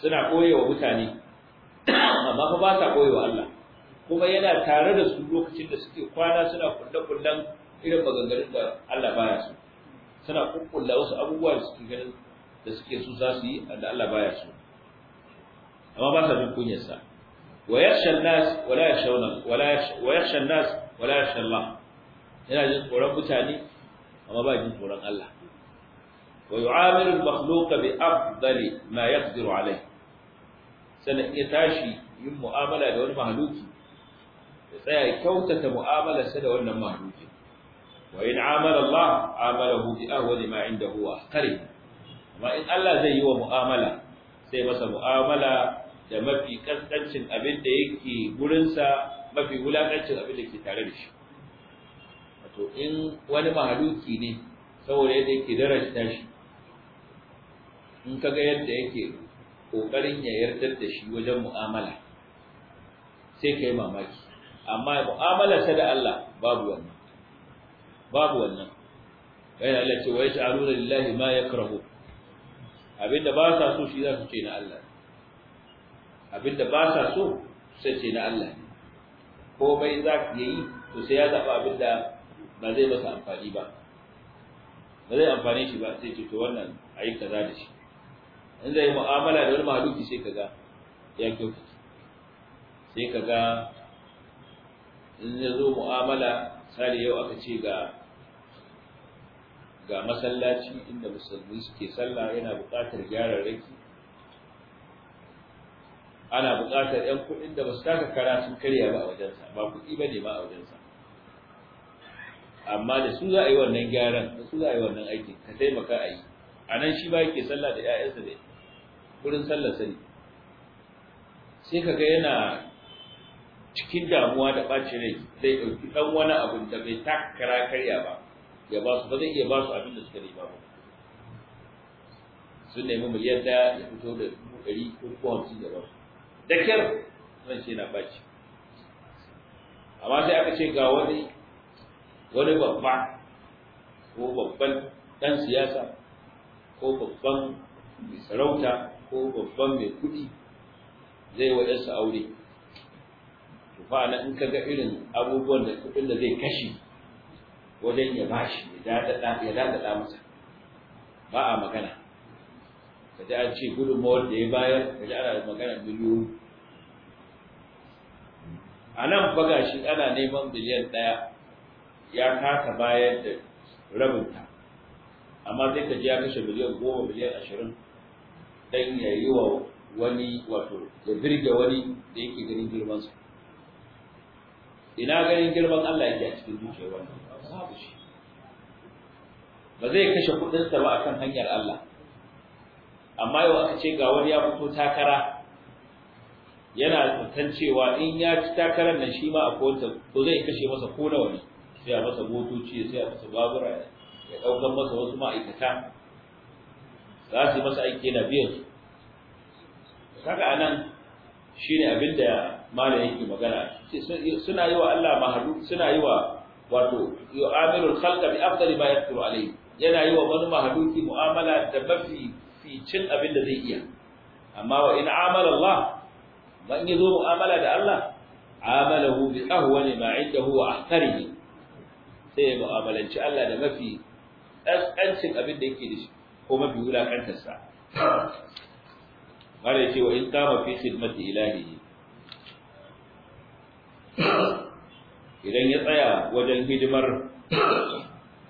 سنع قوي وبتاني amma fa ba sa koyewa Allah kuma yana tare da su lokacin da suke kwana suna kulle-kullen irin maganganun da Allah baya so suna kukkulla wasu abubuwa da suke ganin da suke so za su yi da Allah baya so amma ba sa kunyar kunyarsa wa yakhsha an-nas wa la yakhshawna wala wa yakhsha an-nas wa la yakhsha Allah yana jin tsoron mutane amma ba jin tsoron Allah wa yu'amilu al-makhluqa bi afdali ma yaqdiru alayhi sannan iya tashi yin mu'amala da wani mahaluki ya tsaya kyautata mu'amalarsa da wannan mahaluki wa in amala Allah hu bi ahwali ma indahu wa ahqari amma in Allah zai yi wa mu'amala sai masa mu'amala da mafi kaskancin abin da yake gurinsa mafi wulakancin abin da ke tare da shi wato in wani mahaluki ne saboda yadda yake daraja shi in kaga yadda yake kokarin ya yardar da shi wajen mu'amala sai kai mamaki amma mu'amala da Allah babu wannan babu wannan kai Allah ce wa yaj'aluna lillahi ma yakrahu abinda ba sa so shi za su ce na Allah abinda ba sa so sai ce na Allah komai za ka yi to sai ya zaɓa abinda ba zai masa amfani ba ba zai amfani shi ba sai ce to wannan yi kaza da shi in zai mu'amala da wani mahaluki sai kaga ya kyautata sai kaga in ya zo mu'amala sare yau aka ce ga ga masallaci inda musulmi suke sallah yana buƙatar gyara raki ana buƙatar ƴan kuɗin da ba su taka kara sun karya ba a wajensa ba kuɗi ba ne ma a wajensa amma da su za a yi wannan gyaran da su za a yi wannan aikin ka taimaka a yi a nan shi ba yake sallah da 'ya'yansa da wurin sallar sani sai ka ga yana cikin damuwa da ɓacin rai zai ɗauki ɗan wani abin da bai takara karya ba ya ba su ba zai iya ba su abin da suka nema ba sun nemi miliyan ɗaya ya fito da dubu ɗari ko hamsin da ba su da kyar zan ce na ɓaci amma sai aka ce ga wani wani babba ko babban ɗan siyasa ko babban sarauta ko babban mai kuɗi zai wa su aure to fa na in kaga irin abubuwan da kuɗin da zai kashe wajen ya bashi ya ya dadada masa ba a magana ji an ce gudunmawar da ya bayar ji ana magana miliyoyi a nan baga shi ana neman miliyan ɗaya ya kasa bayar da rabinta amma zai ka ji ya kashe miliyan goma miliyan ashirin dan ya yi wa wani wato ya birge wani da yake ganin girman su ina ganin girman Allah yake a cikin dukiyar wannan babu shi ba zai kashe kudin sa ba akan hanyar Allah amma yau aka ce ga wani ya fito takara yana tsantan cewa in ya ci takarar nan shi ma a kowanta ko zai kashe masa ko nawa ne sai a masa motoci sai a masa babura ya ɗaukar masa wasu ma'aikata za su masa aiki na biyan su kaga anan shine abin da malam yake magana suna yi wa Allah mahadu suna yi wa wato yu'amilul khalqa bi afdali ma yaqdiru alayhi yana yi wa wani mahaduki mu'amala da mafi ficin abin da zai iya amma wa in amala Allah ban yi zo mu'amala da Allah amalahu bi ahwani ma indahu wa ahkarihi sai mu'amalanci Allah da mafi tsancin abin da yake da shi ko mafi wulakantarsa mara ya ce wa in kama fi khidmati ilahi idan ya tsaya wajen hidimar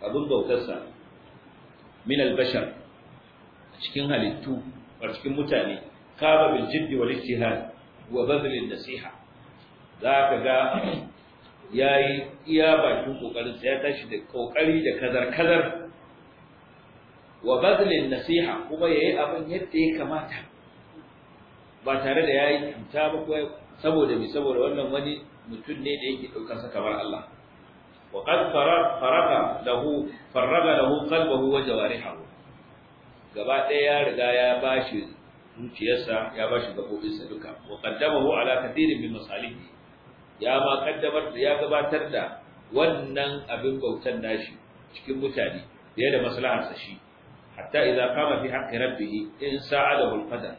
abin bautarsa min albashar cikin halittu a cikin mutane kama bil jiddi wal ijtihad wa bazl nasiha zaka ga yayi iya bakin kokarin sa ya tashi da kokari da kazar kazar wa bazlin nasiha kuma yayi abin yadda ya kamata ba tare da yayi cuta ba ko saboda mi saboda wannan wani mutum ne da yake daukar sa kamar Allah wa qad faraga lahu faraga lahu qalbahu wa jawarihahu gaba ɗaya ya riga ya bashi zuciyarsa ya bashi gabobinsa duka wa qaddamahu ala kathirin min masalihi ya ma kaddamar ya gabatar da wannan abin bautan nashi cikin mutane da da maslaharsa shi hatta idza qama fi haqqi rabbih in sa'adahu al-qadar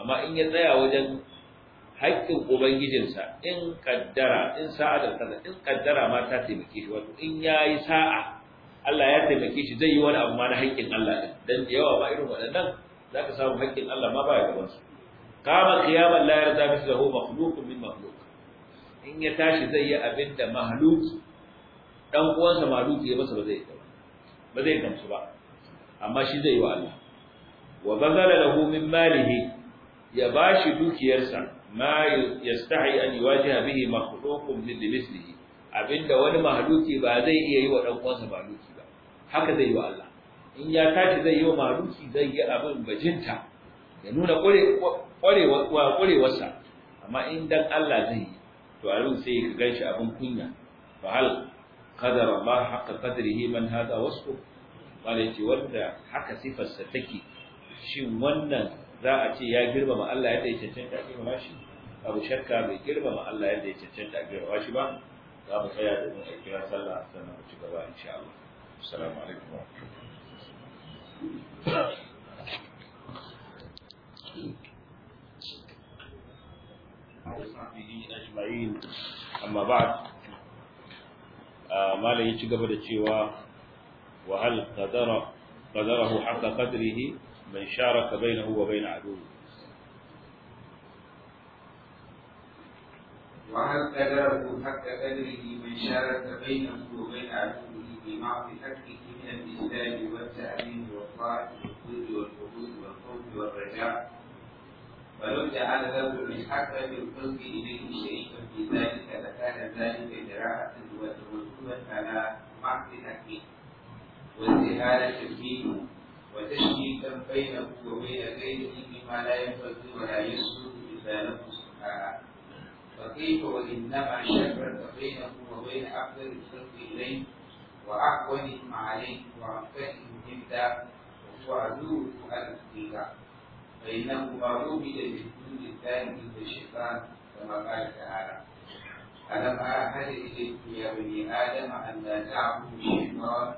amma in ya tsaya wajen haƙƙin ubangijinsa in kaddara in al-qadar in kaddara ma ta taimake shi wato in yayi sa'a Allah ya taimake shi zai yi wani abu ma na haƙƙin Allah din dan da yawa ba irin waɗannan zaka samu haƙƙin Allah ma ba ya gaban su qama qiyaman la yarda mithluhu makhluqun min makhluq in ya tashi zai yi abinda mahluki dan uwansa mahluki ya masa ba zai yi ba zai gamsu ba amma shi zai yi wa Allah wa bazala lahu min malihi ya bashi dukiyarsa ma yastahi an yuwajiha bihi makhluqun min mislihi abinda wani mahluki ba zai iya yi wa dan uwansa mahluki ba haka zai wa Allah in ya tashi zai yi wa mahluki zai yi abin bajinta ya nuna ƙwarewarsa amma in dan Allah zai yi to abin sai ka ganshi abin kunya fa hal qadara ma haqa qadrihi man hada wasfu wani ce wanda haka sifarsa take shin wannan za a ce ya girmama Allah yadda ya cancanta a girmama shi abu shakka bai girmama Allah yadda ya cancanta a girmama shi ba za mu tsaya da mu a kira a sannan mu ci gaba sha Allah assalamu alaikum wa Amma أجمعين أما بعد ما ci gaba da cewa وهل قدر قدره حق قدره من شارك بينه وبين عدوه وهل قدره حق قدره من شارك بينه وبين عدوه بمعرض حقه من الإسلام والتعليم والطاعة والخلود والحدود والخوف والرجاء ولو جعل من الحق بالخلق إليه شريكا في ذلك لكان ذلك جراءة وتوجبا على معرض حقه والإهانة فيه وتشكيكا بينه وبين غيره بما لا ينبغي ولا يسلك إلا سبحانه فكيف وإنما شرك بينه وبين اقدر الخلق إليه وأقومهم عليه وعفتهم جدا وهو عدوه على الحقيقة فإنه عبد للكل الثاني من الشيطان كما قال تعالى ألم أعهد إليكم يا بني آدم أن لا تعبدوا الشيطان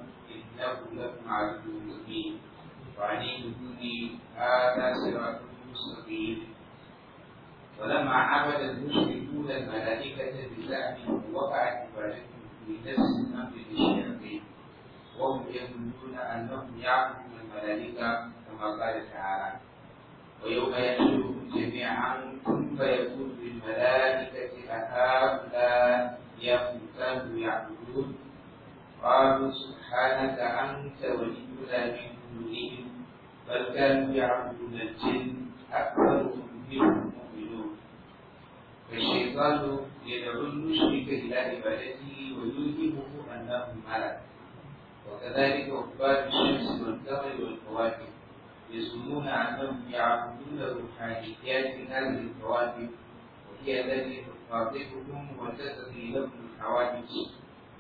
إنه لكم عدو مبين وعن اعبدوني هذا صراط مستقيم ولما عبد المشركون الملائكة بزعمهم وقعت عبادتهم في نفس الأمر للشياطين وهم يظنون أنهم يعبدون الملائكة كما قال تعالى ويوم يحشرهم جميعا ثم يقول للملائكة أهؤلاء إياكم كانوا يعبدون قالوا سبحانك أنت ولينا من دونهم بل كانوا يعبدون الجن أكثرهم منهم مؤمنون فالشيطان يدعو المشرك إلى عبادته ويوهمه أنه ملك وكذلك عباد الشمس والقمر والكواكب يزعمون أنهم يعبدون روحانيات هذه الكواكب وهي التي تخاطبهم وتسقي لهم الحوادث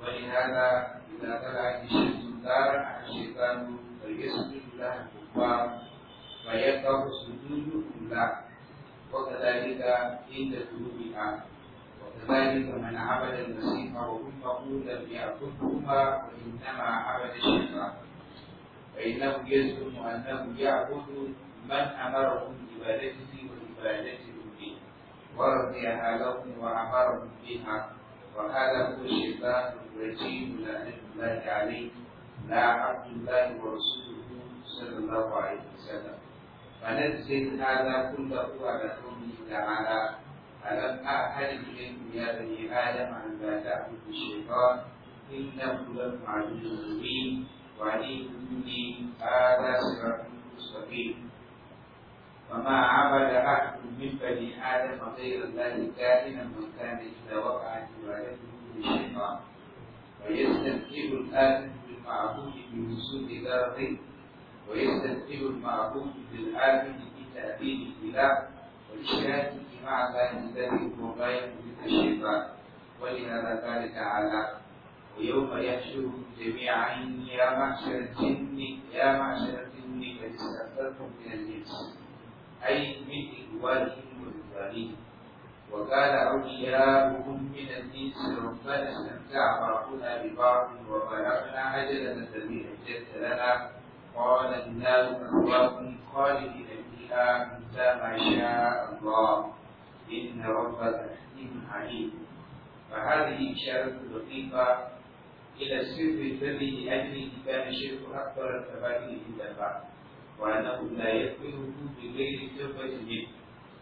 ولهذا إذا طلعت الشمس طارح الشيطان فيسجد لها الكفار فيقع سجودهم له وكذلك عند قلوبها آه. وكذلك من عبد المسيح وامه لم يعبدهما وانما عبد الشيطان فانه يزعم انه يعبد من امرهم بعبادته وعبادته به ورضيها لهم وامرهم بها وهذا هو الشفاء الرجيم لعنة الله عليه لا عبد الله ورسوله صلى الله عليه وسلم فنزل هذا كله على قوله تعالى ألم أعهد إليكم يا بني آدم أن لا تعبد الشيطان إنه لكم عدو مبين وعليكم مني هذا صراط مستقيم فما عبد أحد من بني آدم غير الله كائنا من كان إذا وقعت عبادته للشيطان ويستنكر الآدم بالمعبود بوصول ذاته ويستنكر المعبود بالآدم بتأبيد الإله والشهادة مع الله الذي هو غاية الشيطان ولهذا قال تعالى ويوم يحشرهم جميعا يا معشر الجن يا معشر الجن قد استكثرتم من الإنس أي من وجه الثاني وكان أولياؤهم من الإنس ربنا استمتع بعضنا ببعض وبلغنا أجلنا الذي أجلت لنا قال النار مثواكم خالدين فيها إلا ما شاء الله إن ربك حكيم عليم فهذه إشارة لطيفة إلى السر الذي لأجله كان الشرك أكبر الكبائر عند البعض وأنه لا يكفره بغير توبة منه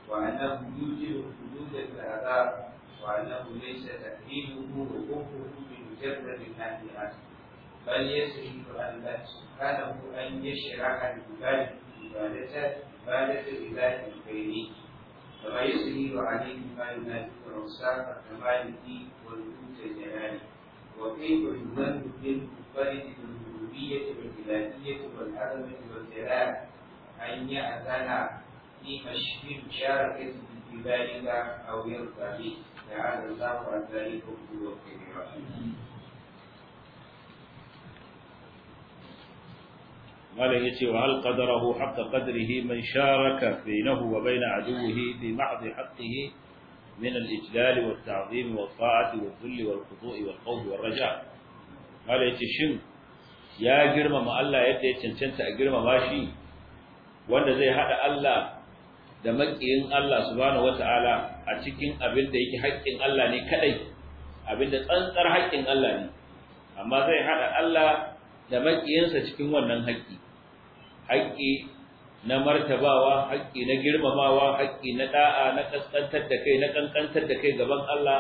وأنه يوجب حدود الآثار وأنه ليس تحريمه وكفره بمجرد النهي عنه بل يسهل عن الله سبحانه أن يشرع العباد عبادته عبادة لله الخير كما يسهل عليه ما ينافق أوصاف كماله وجود جلاله وكيف يذنب بالمنفرد بالمنفرد الربوبية والولادية والعدم والكلام أن يأذن في مشي مشاركة ببالك أو يرضى لي تعالى الله عن ذلك كل وقت قال يتي وهل قدره حق قدره من شارك بينه وبين عدوه بمعض حقه من الإجلال والتعظيم والطاعة والذل والخضوع والخوف والرجاء قال يتي شنو ya girmama Allah yadda ya cancanta a girmama shi wanda zai hada Allah da makiyin Allah subhanahu wataala a cikin abin da yake haƙƙin Allah ne kadai abin da tsantsar haƙƙin Allah ne amma zai hada Allah da makiyinsa cikin wannan haƙƙi haƙƙi na martabawa haƙƙi na girmamawa haƙƙi na da'a na kaskantar da kai na kankantar da kai gaban Allah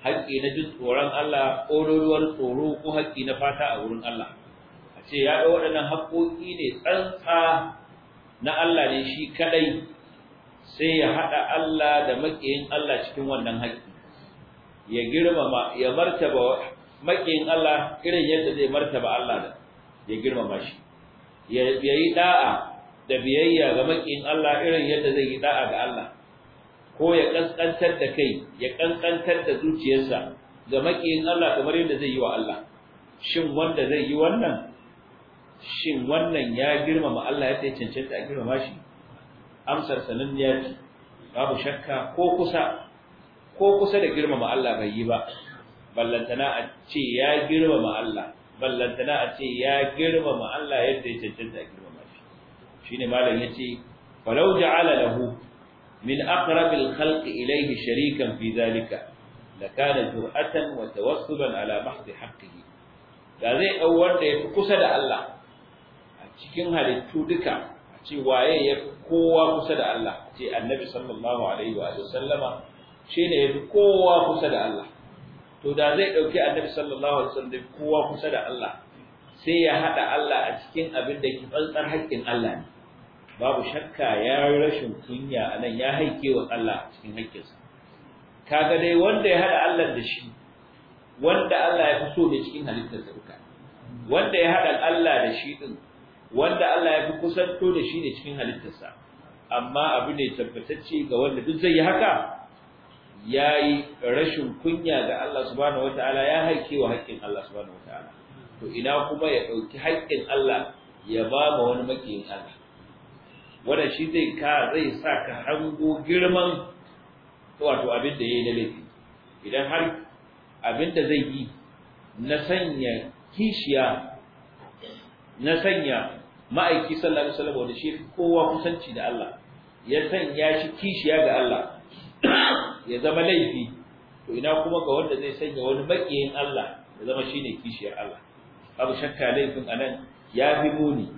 haƙƙi na jin tsoron Allah ko ƙoruruwar tsoro ko haƙƙi na fata a wurin Allah ce ya ga waɗannan haƙoƙi ne tsantsa na Allah ne shi kadai sai ya haɗa Allah da maƙiyin Allah cikin wannan haƙƙi ya girmama ya martaba maƙiyin Allah irin yadda zai martaba Allah da ya girmama shi ya yi da'a da biyayya ga maƙiyin Allah irin yadda zai yi da'a ga Allah ko ya ƙanƙantar da kai ya ƙanƙantar da zuciyarsa ga maƙiyin Allah kamar yadda zai yi wa Allah shin wanda zai yi wannan shin wannan ya girmama Allah ya cancanta a girmama shi amsar sanin ya ce babu shakka ko kusa ko kusa da girmama Allah bai yi ba ballantana a ce ya girmama Allah ballantana a ce ya girmama Allah yadda ya cancanta a girmama shi shine malam ce, falau ja'ala lahu min aqrabil khalqi ilayhi sharikan fi dhalika lakana jur'atan wa tawassulan ala mahdi haqqihi da zai dau wanda fi kusa da Allah cikin halittu duka ce waye ya fi kowa kusa da Allah ce annabi sallallahu alaihi wa sallama ne ya fi kowa kusa da Allah to da zai ɗauki annabi sallallahu alaihi wasallam kowa kusa da Allah sai ya hada Allah a cikin abin da ke tsantsar haƙƙin Allah ne babu shakka ya rashin kunya a nan ya haike wa Allah cikin haƙƙinsa kaga dai wanda ya hada Allah da shi wanda Allah ya fi so da cikin halittar duka wanda ya hada Allah da shi din wanda Allah ya fi kusanto da shi ne cikin halittarsa amma abu ne tabbatacce ga wanda duk zai yi haka ya yi rashin kunya ga Allah subhanahu ta'ala ya haike wa haƙƙin Allah subhanahu ta'ala to ina kuma ya ɗauki haƙƙin Allah ya ba ma wani makiyin Allah wanda shi zai ka zai sa ka hango girman wato abin da yayi na laifi idan har abin da zai yi na sanya kishiya na sanya ma'aiki sallallahu alaihi wasallam wanda shi kowa kusanci da Allah ya sanya shi kishiya ga Allah ya zama laifi to ina kuma ga wanda zai sanya wani makiyin Allah ya zama shine kishiyar Allah abu shakka laifin anan ya fi muni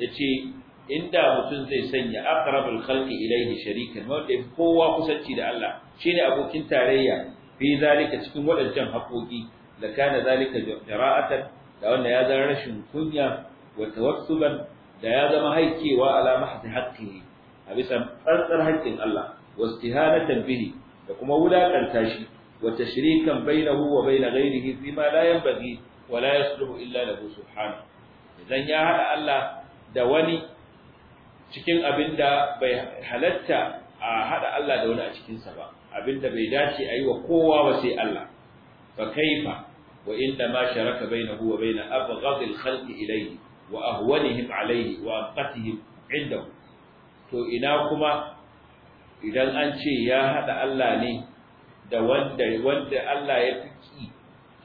yace inda mutum zai sanya aqrabul khalqi ilayhi sharikan wanda kowa kusanci da Allah shine abokin tarayya fi zalika cikin waɗancan haƙoƙi da kana zalika jara'atan da wannan ya zama rashin kunya wa tawassulan da ya zama haikewa ala mahdi haqqihi a bisa tsantsar haƙƙin Allah na bihi da kuma wulaƙanta shi bai na huwa bai na ghairihi fi ma la yanbaghi wa la yasluhu illa lahu subhanahu idan ya haɗa Allah da wani cikin abinda bai halatta a haɗa Allah da wani a cikinsa ba abinda bai dace a wa kowa ba sai Allah fa kaifa wa inda ma sharaka bainahu wa bain abghadil khalqi ilayhi wa ahwanihim alayhi wa anqatihim indahu to ina kuma idan an ce ya hada Allah ne da wanda wanda Allah ya fiki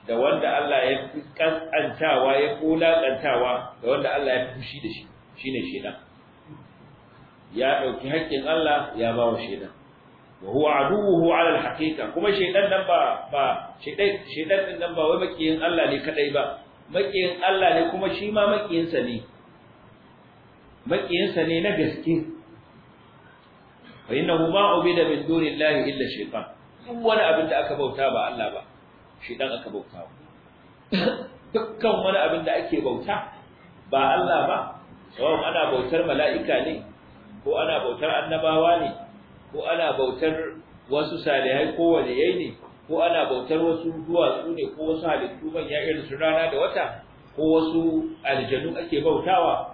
da wanda Allah ya fi kankantawa ya kulakantawa da wanda Allah ya fi fushi da shi shine shedan ya dauki haƙƙin Allah ya ba wa shedan wa huwa aduwuhu ala alhaqiqa kuma shedan nan ba ba shedan shedan nan ba wai makiyin Allah ne kadai ba maƙiyin Allah ne kuma shi ma maƙiyinsa ne maƙiyinsa ne na gaske fa innahu ma ubida min dunillahi illa shaytan duk wani abin da aka bauta ba Allah ba shaytan aka bauta dukkan wani abin da ake bauta ba Allah ba sawan ana bautar mala'ika ne ko ana bautar annabawa ne ko ana bautar wasu salihai ko yayi ne ko ana bautar wasu duwatsu ne ko wasu halittu manya irin su rana da wata ko wasu aljanu ake bautawa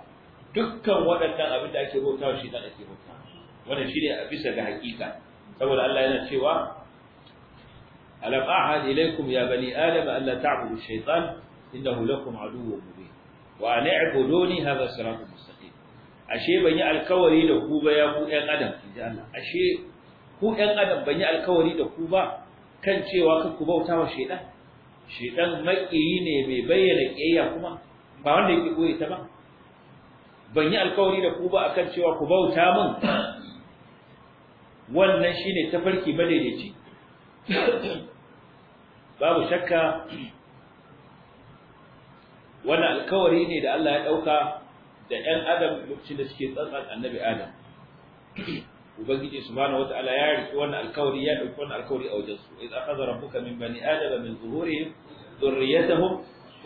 dukkan waɗannan abin da ake bautawa shi dan ake bautawa wannan shine a bisa ga hakika saboda Allah yana cewa alam ahad ilaykum ya bani adam an la ta'budu shaytan innahu lakum aduwwun mubin wa an i'buduni hadha siratun mustaqim ashe ban yi alkawari da ku ba ya ku ƴan adam inji Allah ashe ku ƴan adam ban yi alkawari da ku ba kan cewa kan ku bauta wa shaidan shaidan maƙiyi ne mai bayyana ƙiyayya kuma ba wanda yake koyi ta ba ban yi alkawari da ku ba akan cewa ku bauta min wannan shine tafarki madaidaici babu shakka wannan alkawari ne da Allah ya dauka da ɗan adam lokacin da suke tsantsan annabi adam ubangiji subhanahu wataala ya riki wannan alkawari ya dauki wannan alkawari a wajen su idza akhadha rabbuka min bani adama min zuhurihim dhurriyyatahum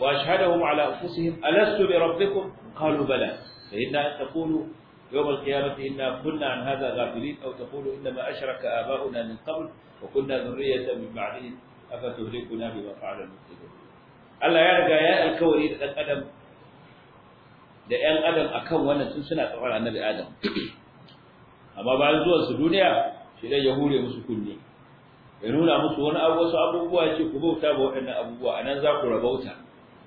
wa ashhadahum ala anfusihim alastu bi rabbikum qalu bala fa inna taqulu يوم القيامة إنا كنا عن هذا غافلين أو تقول إنما أشرك آباؤنا من قبل وكنا ذرية من بعدهم أفتهلكنا بما فعل المفسدون Allah ya riga ya alkawari da ɗan adam da ‘yan adam akan wannan tun suna tsawon annabi Adam amma bayan zuwan su duniya shi dai ya hure musu kunne ya nuna musu wani abu wasu abubuwa ya ce ku bauta ba waɗannan abubuwa A nan za ku rabauta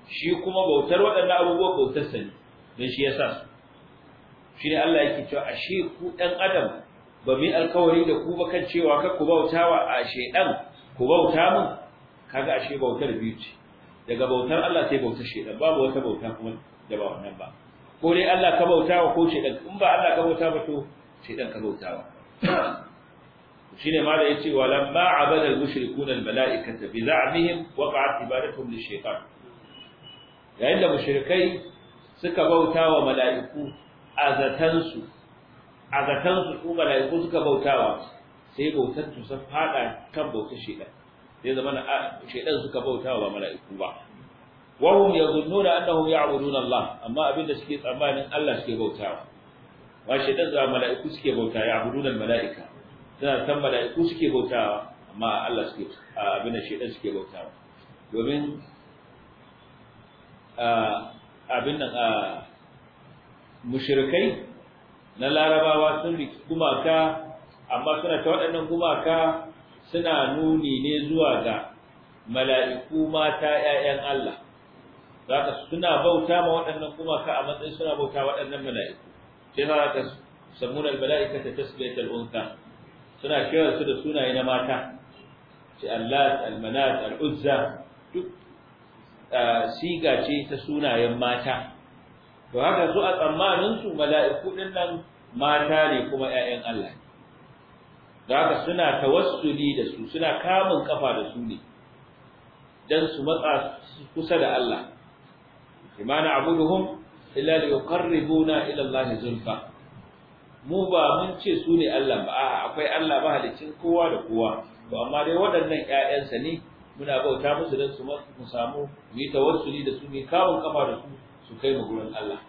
shi kuma bautar waɗannan abubuwa bautar sa ne don shi ya sa su shi ne Allah yake cewa ashe ku ɗan adam ba mu yi alkawari da ku ba kan cewa kar ku bauta wa a shaidan ku bauta min kaga ashe bautar biyu ce daga bautar Allah sai bautar shaidan babu wata bauta kuma da ba wannan ba ko dai Allah ka bauta wa ko shaidan in ba Allah ka bauta ba to shedan ka bautawa shine mala yace lamma abada al-mushrikuna al-mala'ikata bi za'mihim waqa'at ibadatuhum lish-shaytan yayin da mushrikai suka bautawa mala'iku azatansu azatansu su mala'iku suka bautawa sai bautar su sun fada kan bautar shedan sai zaman shedan suka bautawa ba mala'iku ba wa hum yadhunnuna annahum ya'buduna Allah amma abinda suke tsammanin Allah suke bautawa wa shaitan za mala'iku suke bauta ya abudun mala'ika suna san mala'iku suke bautawa amma Allah suke abin da shaitan suke bautawa domin abin a mushrikai na larabawa sun riki gumaka amma suna ta waɗannan gumaka suna nuni ne zuwa ga mala'iku mata ‘ya'yan Allah, za ka suna bauta ma waɗannan gumaka a matsayin suna bauta waɗannan mala'iku. yasa ta samuna almalaikata tasbiyat al-untha suna kira su da sunaye na mata ce Allah al al-uzza duk siga ce ta sunayen mata to haka su a tsammanin su mala'iku din nan mata ne kuma ƴaƴan Allah da haka suna tawassuli da su suna kamun kafa da su ne dan su matsa kusa da Allah imana abuduhum illa li yuqarribuna ila Allah zulfa mu ba mun ce su ne Allah ba a'a akwai Allah ba halicin kowa da kowa to amma dai waɗannan ƴaƴansa ne muna bauta musu dan su mu samu mu yi tawassuli da su mu kawun kafa da su su kai mu gurin Allah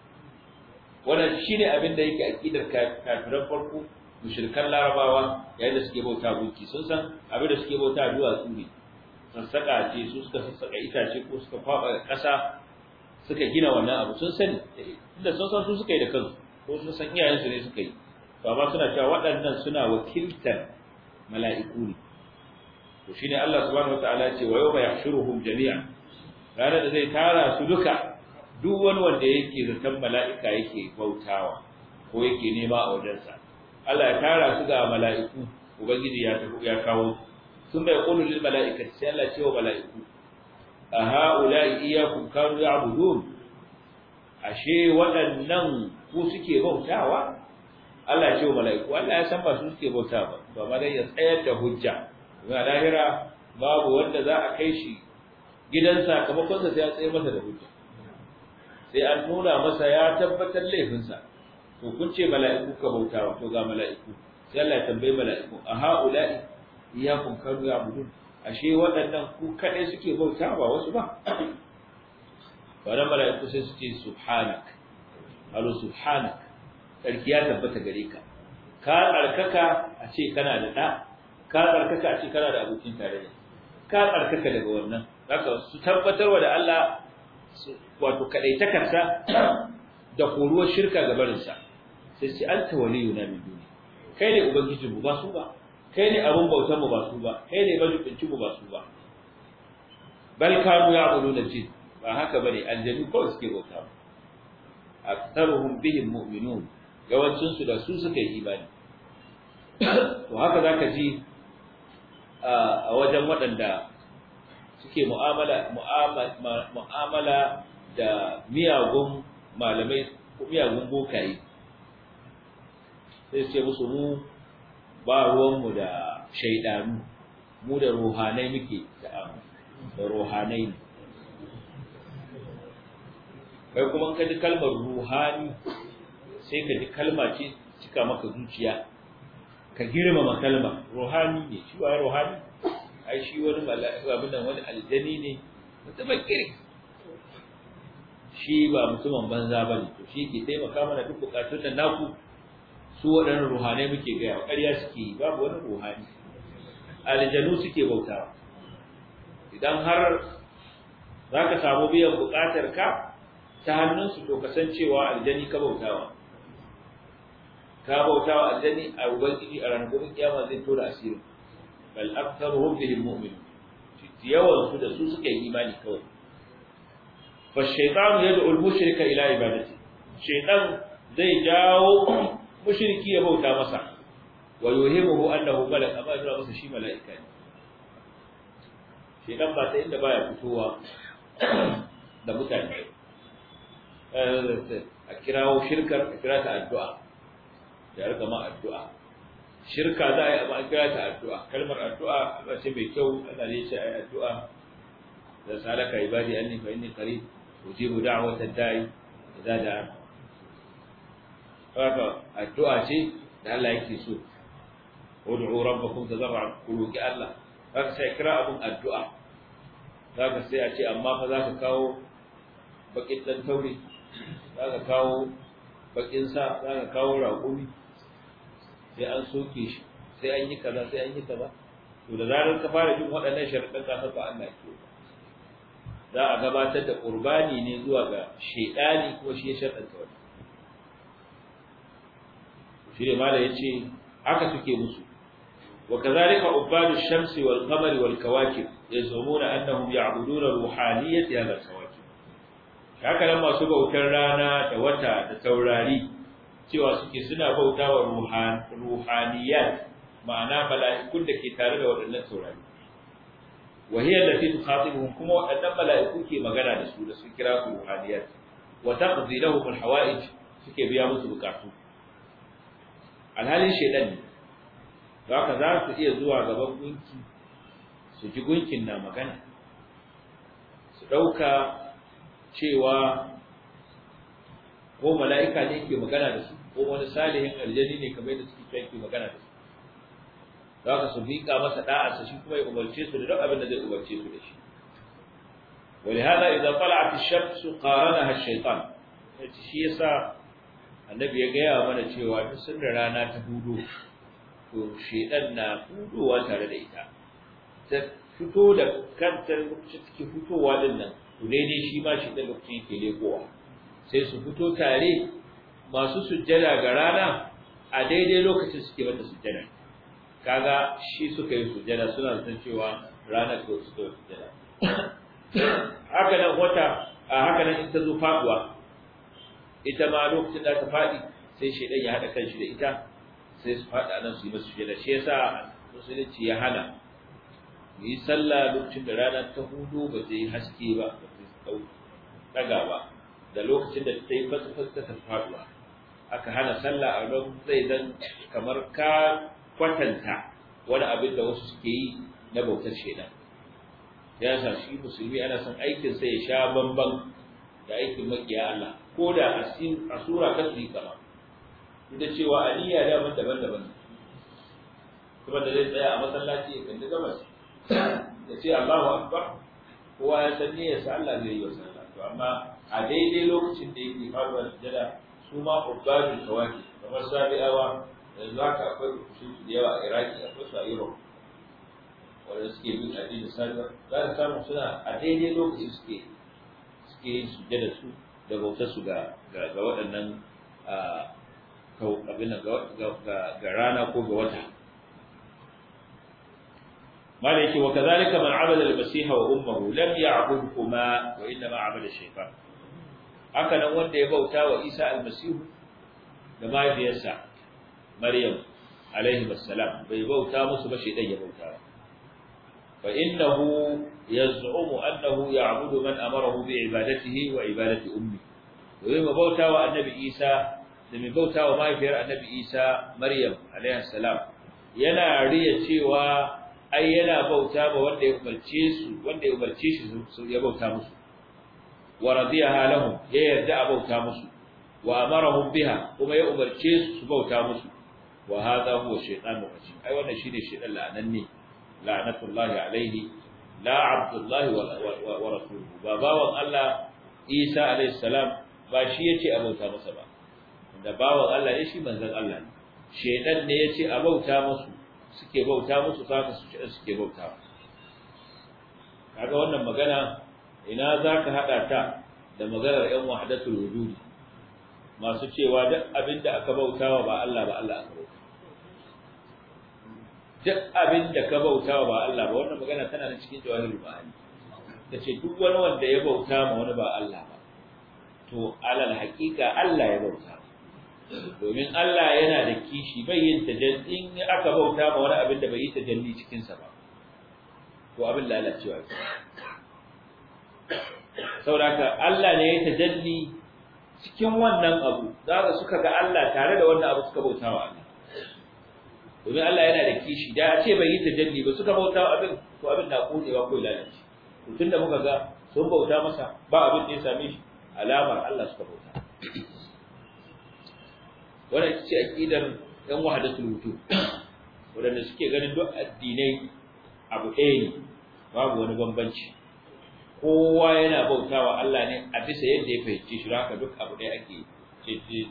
wannan shine abin da yake akidar kafiran farko mushrikan larabawa yayin da suke bauta gunki sun san abin da suke bauta duwatsu ne sassaka ce su suka sassaka itace ko suka faɗa ƙasa suka gina wannan abu sun sani da sun san su suka yi da kansu ko sun san iyayensu ne suka yi to amma suna cewa waɗannan suna wakiltar mala'iku ne to shine Allah subhanahu wataala ya ce wa yawma yahshuruhum jami'a ranar da zai tara su duka duk wani wanda yake zaton mala'ika yake bautawa ko yake nema a wajensa Allah ya tara su ga mala'iku ubangiji ya ya kawo sun bai qulu lil mala'ikati sai Allah ya ce wa mala'iku a ha'ula iyyakum ya ya'budun ashe waɗannan ku suke bautawa Allah ce wa mala'iku Allah ya san ba su suke bauta ba to amma dai ya tsayar da hujja ga lahira babu wanda za a kai shi gidan sakamakon sa sai ya tsaye masa da hujja sai an nuna masa ya tabbatar laifinsa to kun ce mala'iku ka bautawa to ga mala'iku sai Allah ya tambaye mala'iku a iya iyyakum ya ya'budun ashe waɗannan ku kaɗai suke bauta ba wasu ba wannan mala'iku sai su ce subhanak alo subhanak sarki ya tabbata gare ka ka tsarkaka a ce kana da ɗa ka tsarkaka a ce kana da abokin tarayya ka tsarkaka daga wannan zaka su tabbatarwa da Allah wato kaɗaitakarsa da koruwar shirka ga barinsa sai ce anta waliyu na duni kai ne ubangijinmu ba su ba kai ne abin bautan mu ba su ba kai ne majibincin mu ba su ba bal abudu ya'buduna jin ba haka bane aljanu kawai suke bauta aktaruhum bihim mu'minun yawancin su da su suka yi imani to haka zaka ji a wajen waɗanda suke mu'amala mu'amala da miyagun malamai ko miyagun bokaye sai ce musu mu ba ruwanmu da shaidanu mu da ruhanai muke ta'amu da ruhanai ne kai kuma ka ji kalmar ruhani sai ka ji kalma ce cika maka zuciya ka girmama kalma ruhani ne shi wa ruhani ai shi wani mala'ika abin nan wani aljani ne mutumin kirki shi ba mutumin banza bane to shi ke taimaka mana duk bukatun da naku su waɗannan ruhanai muke gaya ƙarya suke yi babu wani ruhani aljanu suke bauta. idan har za ka samu biyan buƙatar ka ta hannunsu to kasancewa aljani ka bautawa ka aljani a ubangiji a ranar gobe kiyama zai tura asirin bal aktharuhum bihim mu'minun yawan su da su suka yi imani kawai fa shaytanu yad'u al-mushrika ila ibadati shaytan zai jawo mushriki ya bauta masa wa yuhimuhu annahu malak amma ya masa shi mala'ika ne shedan ba ta inda baya fitowa da mutane eh, a kirawo shirkar a kira ta addu'a da rika ma addu'a shirka za a yi a kira ta addu'a kalmar addu'a ba ce mai kyau ana ne ce ai addu'a da salaka ibadi anni fa inni qarib ujibu da'wata da'i da idza da'a haka addu'a ce da Allah yake so ud'u rabbakum tazarra ku roki Allah haka sai kira abun addu'a haka sai a ce amma fa zaka kawo bakin dan tauri zaka kawo bakin sa zaka kawo raƙumi sai an soke shi sai an yi kaza sai an yi kaza to da zarar ka fara jin waɗannan sharuɗan ka saka Allah ke za a gabatar da qurbani ne zuwa ga shedani ko shi ya sharɗanta shine malai yace haka suke musu wa kadhalika ubadu shamsi wal qamari wal kawakib yazumuna annahum ya'buduna ruhaniyati ya al kawakib haka nan masu bautar rana da wata da taurari cewa suke suna bautawa ruhan ruhaniyat ma'ana mala'ikun da ke tare da waɗannan taurari ke magana da su da su kira su ruhaniyat wa taqdi lahum al hawa'ij suke biya musu bukatu alhalin shaidan ne Za ka za su iya zuwa gaban gunki su ji gunkin na magana su ɗauka cewa ko mala'ika ne ke magana da su ko wani salihin aljani ne kamar da suke kai ke magana da su za ka su miƙa masa ɗa'arsa shi kuma ya umarce su da duk abin da zai umarce su da shi ولهذا إذا طلعت الشمس قارنها الشيطان shi yasa annabi ya gaya mana cewa duk sun da rana ta hudu to shedan na hudowa tare da ita ta fito da kanta lokacin take fitowa din nan to daidai shi ma da lokaci yake lekowa sai su fito tare masu sujjada ga rana a daidai lokacin suke mata sujjada kaga shi suka yi sujjada suna san cewa rana ko su sujjada haka nan wata haka nan in ta zo faduwa ita ma lokacin da ta faɗi sai shaidan ya haɗa kan shi da ita sai su a nan su yi masu shaida shi yasa musulunci ya hana mu yi sallah lokacin da rana ta hudu ba ta yi haske ba ba ta ɗaga ba da lokacin da ta yi fasu ta faɗuwa aka hana sallah a nan zai zan kamar ka kwatanta wani abin da wasu suke yi na bautar shaidan ya sa shi musulmi ana son aikin sai ya sha bamban da aikin makiya Allah ko da a sura ta su yi kama da cewa aliyya da daban daban-daban kuma da zai tsaya a masallaci ya kalli gabas ya ce Allahu Akbar kowa ya san sa Allah zai yi wa sallah to amma a daidai lokacin da yake faruwa jada su ma ubbadul kawaki kamar sabi'awa yanzu haka akwai rukushin da yawa a Iraki a su a Europe wanda suke bin addinin sallah za su samu suna a daidai lokacin suke suke yin sujada su da bautarsu ga ga waɗannan ga rana ko ga wata mala yake wa kazalika man abada al-masiha wa ummuhu lam ya'bud kuma wa inna ma abada shaytan haka nan wanda ya bauta wa Isa al-Masihu da mahaifiyarsa Maryam alaihi bai bauta musu ba shaytan ya bauta ba fa innahu yaz'umu annahu ya'budu man amarahu bi ibadatihi a ibadati ummi domin ma bautawa annabi Isa da mai bautawa mahaifiyar annabi Isa Maryam alaiha yana riya cewa ai yana bauta ba wanda ya umarce su ya umarce shi su ya bauta musu ya yarda a bauta musu wa biha kuma ya umarce su su bauta musu wannan shine shaytan la'ananne la'natullahi alaihi la abdullahi wa rasuluhu ba bawan Allah Isa alaihi salam ba shi ya ce a bauta masa ba da bawan Allah ya shi manzon Allah ne shedan ne ya ce a bauta musu suke bauta musu saka su suke bauta kaga wannan magana ina za ka haɗa ta da maganar 'yan wahdatul wujud masu cewa duk abinda aka bautawa ba Allah ba Allah aka bauta duk abin da ka bauta ba Allah ba wannan magana tana nan cikin jawahirul ma'ani tace duk wani wanda ya bauta ma wani ba Allah ba to alal haqiqa Allah ya bauta domin Allah yana da kishi bai yin tajalli in aka bauta ma wani abin da bai yi tajalli cikin sa ba to abin lalacewa ne saboda Allah ne ya tajalli cikin wannan abu su suka ga Allah tare da wannan abu suka bauta wa Allah domin Allah yana da kishi da a ce bai yi tajalli ba suka bauta abin to abin na kodewa ko lalace to tunda muka ga sun bauta masa ba abin da ya same shi alamar Allah suka bauta wannan ce aqidar yan wahdatul wujud wanda suke ganin duk addinai abu ɗaya ne babu wani bambanci kowa yana bautawa Allah ne a bisa yadda ya fahimci shi haka duk abu ɗaya ake ce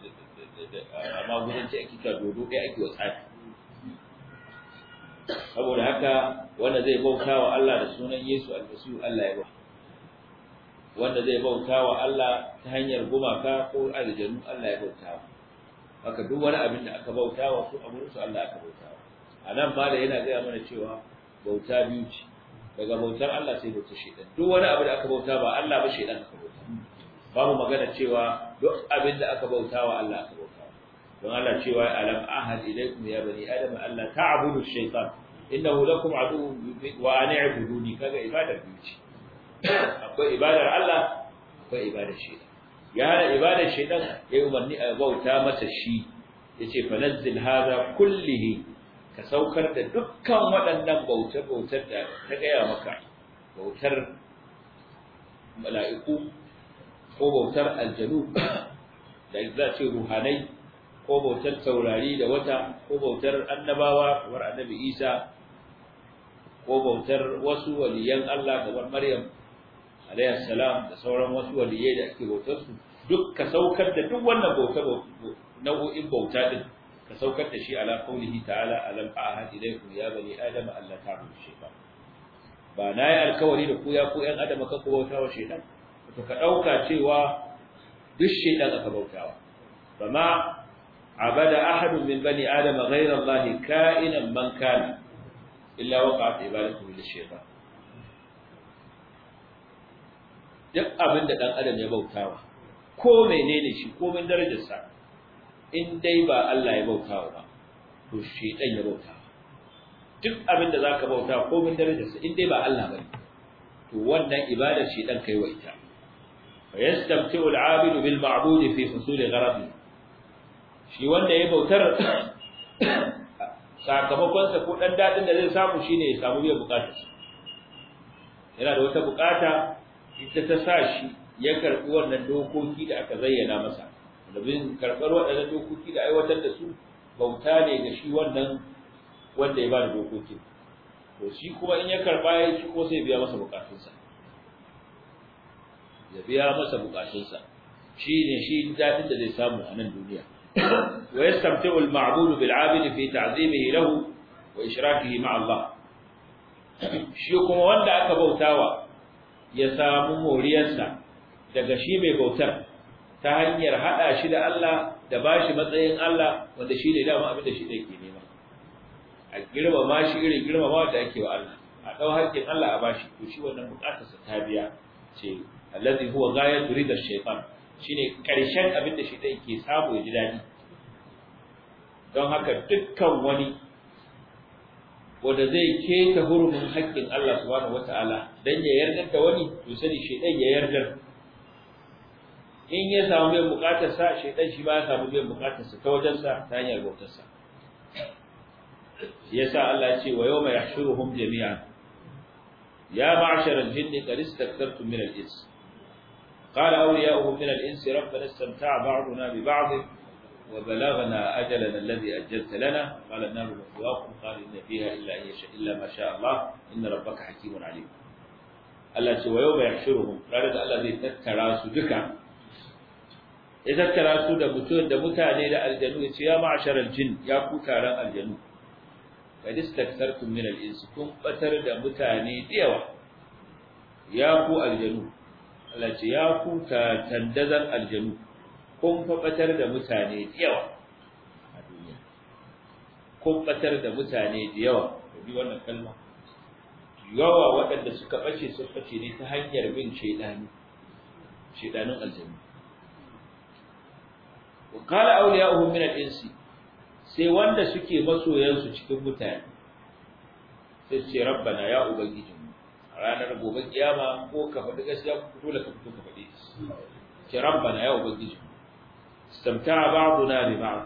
amma magudanci ake ta dodo ɗaya ake wasa ne. saboda haka wanda zai bauta wa Allah da sunan Yesu almasihu Allah ya bauta wanda zai bauta wa Allah ta hanyar gumaka ko aljanu Allah ya bauta haka duk wani abin da aka bauta wa ko abin su Allah aka bauta a nan ba da yana gaya mana cewa bauta biyu ce daga bautar Allah sai bautar shaidan duk wani abu da aka bauta ba Allah ba shaidan aka bauta babu magana cewa duk abin da aka bauta wa Allah aka bauta don Allah cewa alam ahad ilaykum ya bani adam alla ta'budu ash-shaytan innahu lakum aduwwun wa an i'buduni kaga ibadar biyu akwai ibadar Allah akwai ibadar shaytan ya hada ibadar shaytan ya umarni a bauta masa shi yace fanazzil hadha kullihi ka saukar da dukkan waɗannan bautar-bautar da ta gaya maka bautar mala'iku ko bautar aljanu da za ce ruhanai ko bautar taurari da wata ko bautar annabawa kamar annabi Isa ko bautar wasu waliyan Allah kamar Maryam alayhi salam da sauran wasu waliyai da ake bautar su duk ka saukar da duk wannan bauta nau'o'in bauta din ka saukar da shi ala qaulihi ta'ala alam ahad ilaykum ya bani adama alla ta'budu shi, ba Ba na yi alkawari da ku ya ku ‘yan adam aka ku bauta wa shaidan, to ka ɗauka cewa duk shaidan aka bautawa, ba ma abada ahadun min bani adama ghayra Allah ka'inan man kana illa waqa'at ibadatu lil shaytan duk abin da dan adam ya bautawa ko menene shi ko min darajar sa in dai ba Allah ya bautawa ba to shaytan ya bautawa duk abin da zaka bauta ko min darajar sa in dai ba Allah ba to wannan ibadar shaytan kai wa ita fa yastamti'u al-'abidu bil ma'budi fi husuli gharadihi shi wanda ya bautar sakamakonsa ko dan dadin da zai samu shine ya samu biyan bukata yana da wata bukata ita ta sa shi ya karbi wannan dokoki da aka zayyana masa domin karbar waɗannan dokoki da aiwatar da su bauta ne ga shi wannan wanda ya ba da dokokin to shi kuma in ya karba ya ci ko sai biya masa bukatunsa ya biya masa bukatunsa shi ne shi dadin da zai samu a nan duniya ويستمتع المعبود بالعابد في تعظيمه له وإشراكه مع الله shi kuma wanda aka bautawa ya samu moriyarsa daga shi mai bautar ta hanyar hada shi da Allah da bashi matsayin Allah wanda shi ne dama abin da shi ne ke nema a girmama shi irin girmama da ake wa Allah a dau hakkin Allah a bashi to shi wannan bukatarsa ta biya ce allazi huwa ghayatu ridash shine karshen abin da shi ɗan ke samu ya ji daɗi don haka dukkan wani wanda zai keta hurumin haƙƙin Allah subhanahu wata'ala dan ya yarda da wani to sani shedan ya yarda in ya samu biyan bukatar sa shedan shi ba ya samu biyan bukatar sa ta wajen sa ta hanyar bautar sa yasa Allah ya ce wa yawma yahshuruhum jami'an ya ma'shara al-jinni qad istaktartum min al-ins قال أولياؤه من الإنس ربنا استمتع بعضنا ببعض وبلغنا أجلنا الذي أجلت لنا قال النار مثواكم قال إن فيها إلا, إلا ما شاء الله إن ربك حكيم عليم Allah ce wa yau bai shiruhum ranar da Allah zai tattara su duka ya tattara su da mutum da mutane da aljanu ya masharar jin ya ku taron aljanu kad istaktartum min kun batar da mutane da ya ku aljanu Allah ya ku ta tandazan aljanu kun fabatar da mutane da yawa a duniya kun batar da mutane da yawa da bi wannan kalma yawa waɗanda suka bace su bace ne ta hanyar bin shaidani shaidanin aljanu wa qala awliya'uhum min al-insi sai wanda suke masoyansu cikin mutane sai ce rabbana ya ubangiji ranar gobe kiyama ko ka faɗi gaskiya ko dole ka fito ka faɗi ki rabbana ya ubangiji istamta'a ba'duna bi ba'd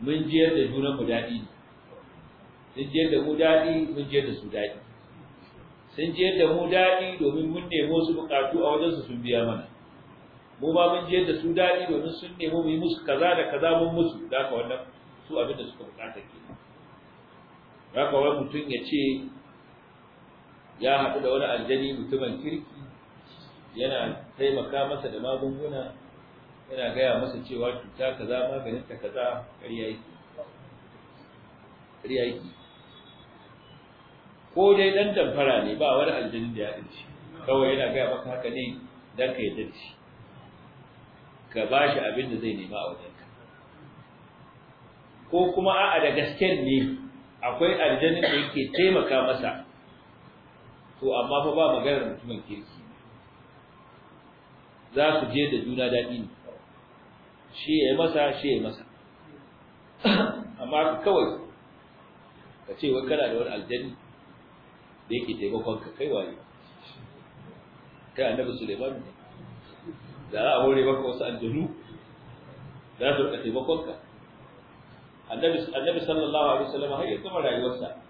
mun je da junan mu dadi sun je da mu dadi mun je da su dadi sun je da mu dadi domin mun nemo su bukatu a wajen su sun biya mana mu ba mun je da su dadi domin sun nemo mu yi musu kaza da kaza mun musu da ka wannan su abin da suka bukata ke haka wani mutum ya ce ya haɗu da wani aljani mutumin kirki yana taimaka masa da magunguna yana gaya masa cewa cuta za maganinta kaza ƙarya za kariya yake ko dai ɗan damfara ne ba wani aljani da ya ɗinci kawai yana gaya maka haka ne don ka yarda da shi ka ba shi abin da zai nema a wajenka ko kuma a'a da gasken ne akwai aljanin da yake taimaka masa to amma fa ba maganar mutumin kirki za su je da juna daɗi ne shi ya yi masa shi ya yi masa amma kawai ka ce wai kana da wani aljani da yake taimakon ka kai waye kai annabi Suleiman ne da za a hore maka wasu aljanu za su rika taimakon ka annabi sallallahu alaihi wasallam har ya gama rayuwarsa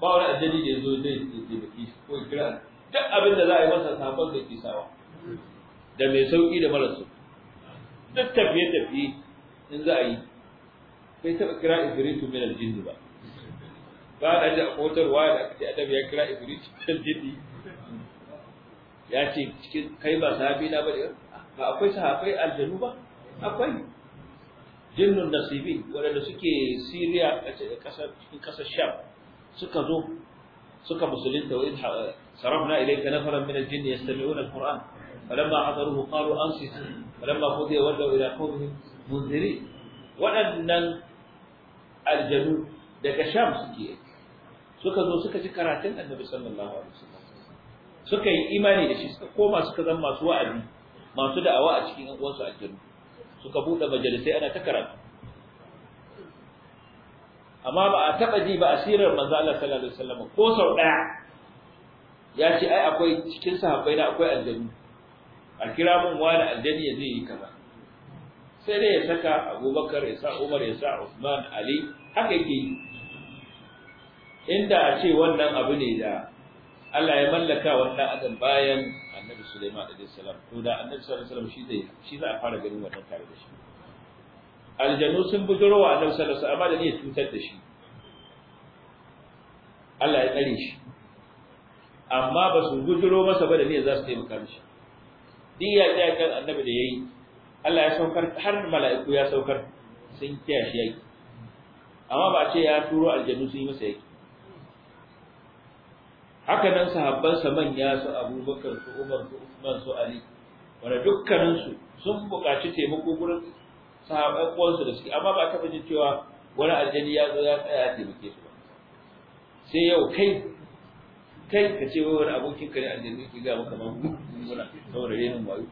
ba wani addini da ya zo zai taimaki shi ko kira duk abin da za a yi masa sabon da kisawa da mai sauki da mara su duk tafiye-tafiye in za a yi bai taɓa kira ibritu min aljin ba ba da ji a kotar waya da aka adam ya kira ibritu min aljin ya ce cikin kai ba sahabi na ba ba akwai sahabai aljanu ba akwai jinnun nasibi waɗanda suke siriya a cikin ƙasar sham suka zo suka musulunta wa idha sarafna ilayka nafaran min al-jinn yastami'una al-Qur'an falamma hadaruhu qalu ansitu falamma qudiya wallaw ila qawmihim munziri waɗannan aljanu daga sham suke suka zo suka ji karatun annabi sallallahu alaihi wasallam suka yi imani da shi suka koma suka zama masu wa'azi masu da'awa a cikin uwansu aljanu suka bude majalisai ana ta karatu amma ba a taba ji ba asirar manzo Allah sallallahu alaihi wasallam ko sau daya ya ce ai akwai cikin sahabbai da akwai aljani a kira mun wani aljani ya zai yi kaza sai dai ya saka Abubakar ya sa Umar ya sa Usman Ali haka yake yi inda a ce wannan abu ne da Allah ya mallaka wannan adam bayan Annabi Sulaiman alaihi salam to da Annabi sallallahu alaihi wasallam shi zai shi za a fara ganin wannan tare da shi aljanu sun bujuro wa annabi sallallahu alaihi amma da niyyar cutar da shi Allah ya tsare shi amma ba su bujuro masa ba da ne za su taimaka mishi duk ya ji kan annabi da yayi Allah ya saukar har mala'iku ya saukar sun kiyaye shi yaki amma ba ce ya turo aljanu sun yi masa yaki haka nan sa manya su abubakar su umar su usman su ali wanda dukkaninsu sun buƙaci taimako gurin sahabban uwansu da suke amma ba taɓa jin cewa wani aljani ya zo ya tsaya a taimake su ba sai yau kai kai ka ce wai wani abokin ka ne aljani ke ga maka muna saboda yin wayo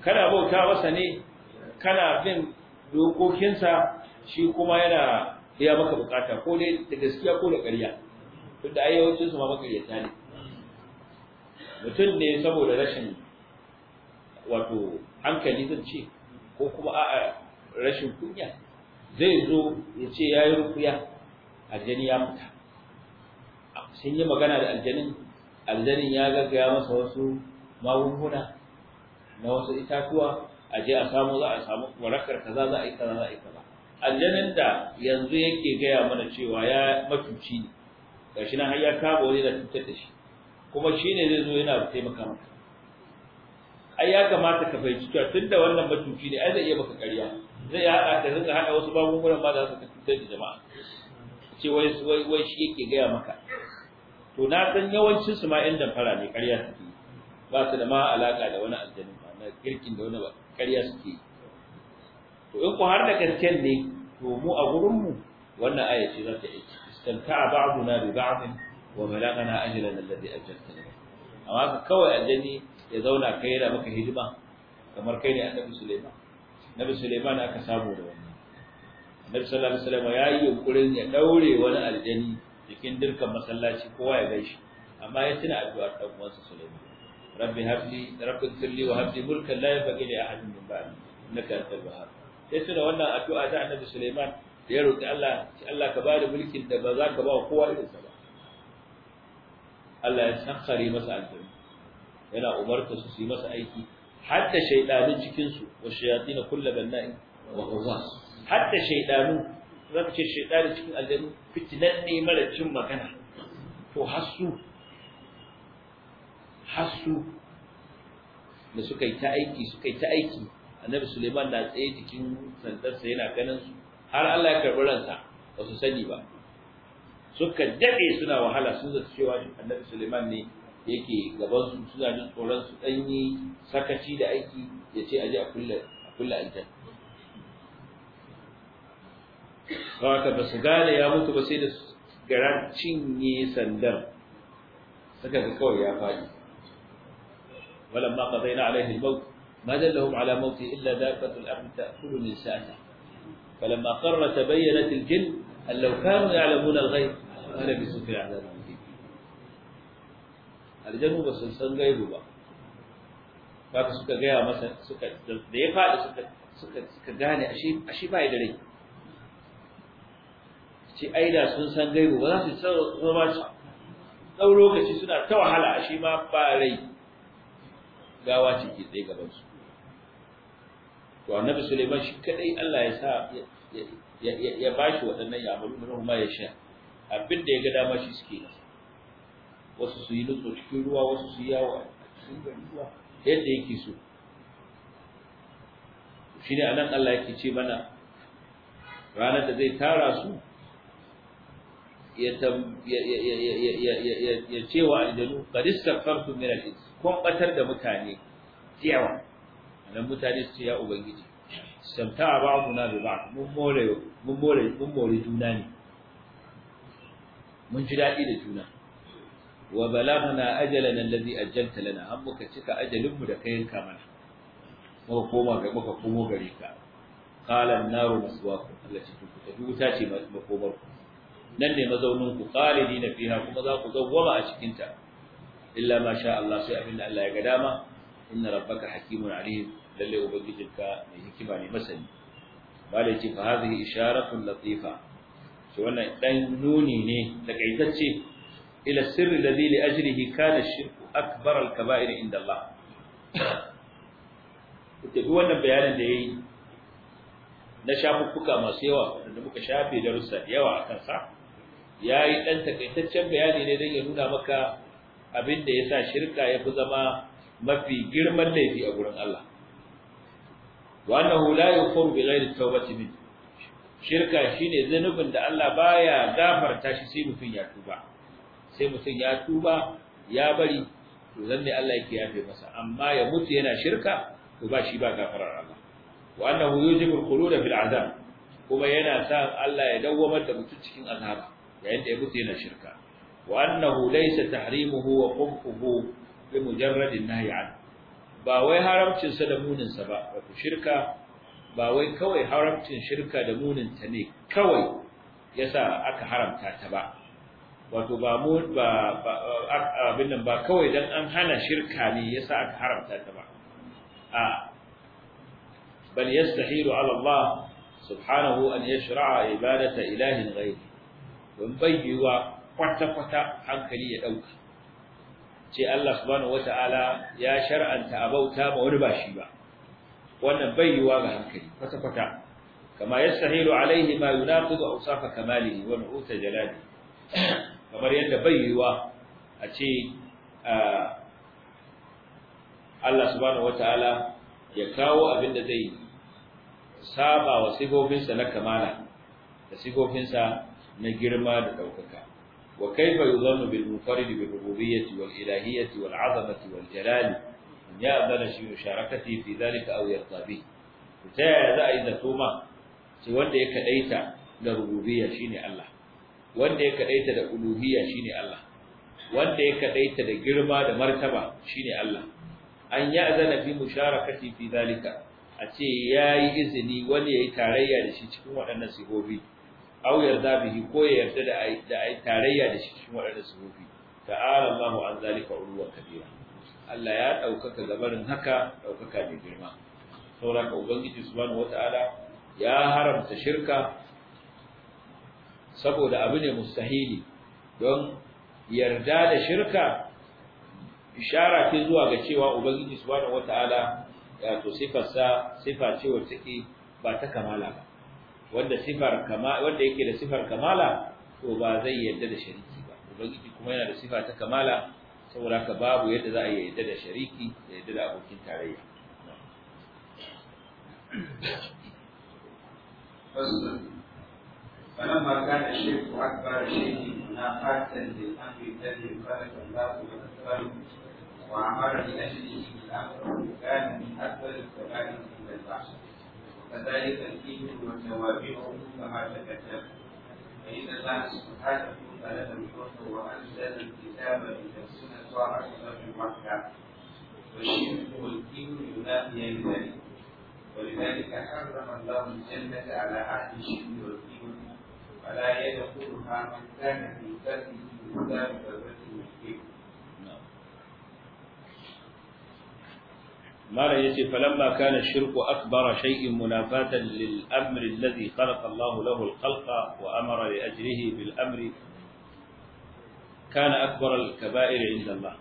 kana bauta masa ne kana bin dokokinsa shi kuma yana ya maka bukata ko dai da gaskiya ko da ƙarya tunda ai yawancin su ma makaryata ne mutum ne saboda rashin wato hankali zan ce ko kuma a'a rashin kunya zai zo ya ce ya yi rukuya aljani ya fita sun yi magana da aljanin aljanin ya gaggaya masa wasu magunguna na wasu itatuwa a je a samu za a samu warakar ka za a yi kaza za a yi kaza aljanin da yanzu yake gaya mana cewa ya matuci ne gashi nan har ya kama wani da cutar da shi kuma shi ne zai zo yana taimaka maka ai ya kamata ka fahimci cewa tun da wannan matuci ne ai zai iya maka ƙarya zai haɗa ta rinka haɗa wasu magungunan ma da su cutar da jama'a ce wai wai wai shi yake gaya maka to na san yawancin su ma ƴan damfara ne ƙarya suke ba su da ma alaƙa da wani aljanin ba na kirkin da wani ba ƙarya suke to in ku har da gasken ne to mu a gurin mu wannan aya ce za ta yi istanta na bi ba'din wa da ajlan alladhi ajaltana amma kawai aljani ya zauna kai yana maka hidima kamar kai ne annabi Sulaiman nabi Suleiman aka samu da wannan nabi sallallahu alaihi wasallam ya yi yunkurin ya daure wani aljani cikin dukkan masallaci kowa ya gaishe amma ya tuna addu'ar dan uwansa Suleiman rabbi habli rabbi tilli wa habli mulkan la yabghi li ahadin min ba'di innaka antal wahhab sai tuna wannan addu'a da annabi Suleiman da ya roki Allah ki Allah ka bada mulkin da ba za ka ba kowa irin sa ba Allah ya sakkare masa aljanna yana umarta su su yi masa aiki hatta shaydanun cikin su wa shayatin kullu banna'in wa ghawwas hatta shaydanun zaka ce shaydani cikin aljannu fitinan ne mara cin magana to hasu hasu da suka yi ta aiki suka yi ta aiki annabi Suleiman na tsaye jikin sandarsa yana ganin su har Allah ya karbi ransa ba su sani ba suka dade suna wahala sun zata cewa annabi Suleiman ne yake gaban su suna jin tsoron su danyi sakaci da aiki ya ce aje a kulla a kulla ba su gane ya mutu ba sai da garan cinye sandan saka ga kawai ya faɗi walamma qadayna alaihi al-maut ما دلهم على موته إلا دابة الأرض تأكل من سأته فلما قر تبينت الجن أن لو كانوا يعلمون الغيب ما لبثوا في العذاب aljanu ba sun san gaibu ba haka suka gaya masa suka da ya faɗi suka suka suka gane ashe ba bai da rai ce ai da sun san gaibu ba za su zama shi ɗau lokaci suna ta wahala ashe ma ba rai gawa ce ke tsaye gaban su to annabi Suleiman shi kadai Allah ya sa ya bashi waɗannan ya amalu ma ya sha abin da ya ga dama shi suke yi wasu su yi nutso cikin ruwa wasu su yi yawo a cikin gari ruwa yadda yake so shi ne anan Allah yake ce mana ranar da zai tara su ya ce wa aljanu qadis kafartum min al-ins kun batar da mutane yawa nan mutane su ce ya ubangiji samta ba bi na da ba mun more juna ne mun ji daɗi da juna wa balaghna ajalana allazi ajjalta lana an muka cika ajalin mu da kai yanka mana muka koma muka komo gare ka qala an-naru maswaakum ku tafi wuta ce makomar ku nan ne mazaunin ku khalidina fiha kuma za ku zawwama a cikin ta illa ma sha Allah sai abin da Allah ya ga dama inna rabbaka hakimun alim lalle ka mai hikima ne masani bale fa hadhihi latifa to dan nuni ne takaitacce ila sirri alladhi li ajrihi kana shirku akbar al-kaba'ir inda Allah ita duk wannan bayanin da yayi na shafuffuka masu yawa da muka shafe darussa da yawa akan sa yayi dan takaitaccen bayani ne don ya nuna maka abin da sa shirka ya fi zama mafi girman laifi a gurin Allah wa annahu la yughfaru bi ghairi tawbati min shirka shine zanubin da Allah baya gafarta shi sai mutun ya tuba sai mutum ya tuba ya bari to zan ne Allah yake yafe masa amma ya mutu yana shirka to ba shi ba gafarar Allah wa annahu yujibu al-qulud fil azab kuma yana sa Allah ya dawwamar da mutum cikin azab yayin da ya mutu yana shirka wa annahu laysa tahrimuhu wa qubhu bi mujarrad an-nahy an ba wai haramcin sa da munin sa ba wato shirka ba wai kawai haramcin shirka da munin ta ne kawai yasa aka haramta ta ba wato ba mu ba abin nan ba kawai dan an hana shirka ne yasa aka haramta ta ba a bal yastahilu ala Allah subhanahu an yashra'a ibadata ilahin ghayri don bayyuwa kwata kwata hankali ya dauka ce Allah subhanahu wata'ala ya shar'anta abauta ba wani ba shi ba wannan bayyuwa ga hankali kwata kwata kama yastahilu alaihi ma yunaqidu awsafa kamalihi wa nu'uta jalalihi kamar yadda bai yiwuwa a ce Allah subhanahu wataala ya kawo abin da zai saba wa sifofinsa na kamala da sifofinsa na girma da ɗaukaka wa kaifa yuzannu bil munfarid bi rububiyyati wal ilahiyyati wal azamati wal jalali ya abana shi musharakati fi dhalika aw yarda bi ta yaya za a yi zato ma ce wanda ya kadaita da rububiyya shine Allah wanda ya kadaita da uluhiyya shine Allah wanda ya kadaita da girma da martaba shine Allah an ya azana fi musharakati fi zalika a ce yayi izini wani yayi tarayya da shi cikin waɗannan sigobi aw yarda bihi ko ya yarda da ai da ai tarayya da shi cikin waɗannan sigobi ta'ala Allahu an zalika uluwan kabira Allah ya daukaka gabarin haka daukaka da girma saboda ubangiji subhanahu wataala ya haramta shirka saboda abu ne mustahili don yarda da shirka ishara ce zuwa ga cewa ubangiji subhanahu wataala ya to sifarsa sifa ce wacce ke ba ta kamala ba wanda sifar kama wanda yake da sifar kamala to ba zai yarda da shariki ba ubangiji kuma yana da sifa ta kamala saboda haka babu yadda za a yarda da shariki da yarda da abokin tarayya Thank you. فلما كان الشرك أكبر شيء مناقاه للأمر الذي خلق الله وأكبره وعمر لأجله الأمر كان من أكبر الكبائر عند البعث وكذلك الدين وتوابعه كما تكتب فإن الله سبحانه لم الحكم وأنزل الكتاب السنه طاعة في مكة والشرك والدين ينافيان ذلك ولذلك حرم الله الجنة على عهد الشرك والدين فلا يدخلها من كان في كسبه مثال ذرة مشرك مالا يتي فلما كان الشرك أكبر شيء منافاة للأمر الذي خلق الله له الخلق وأمر لأجله بالأمر كان أكبر الكبائر عند الله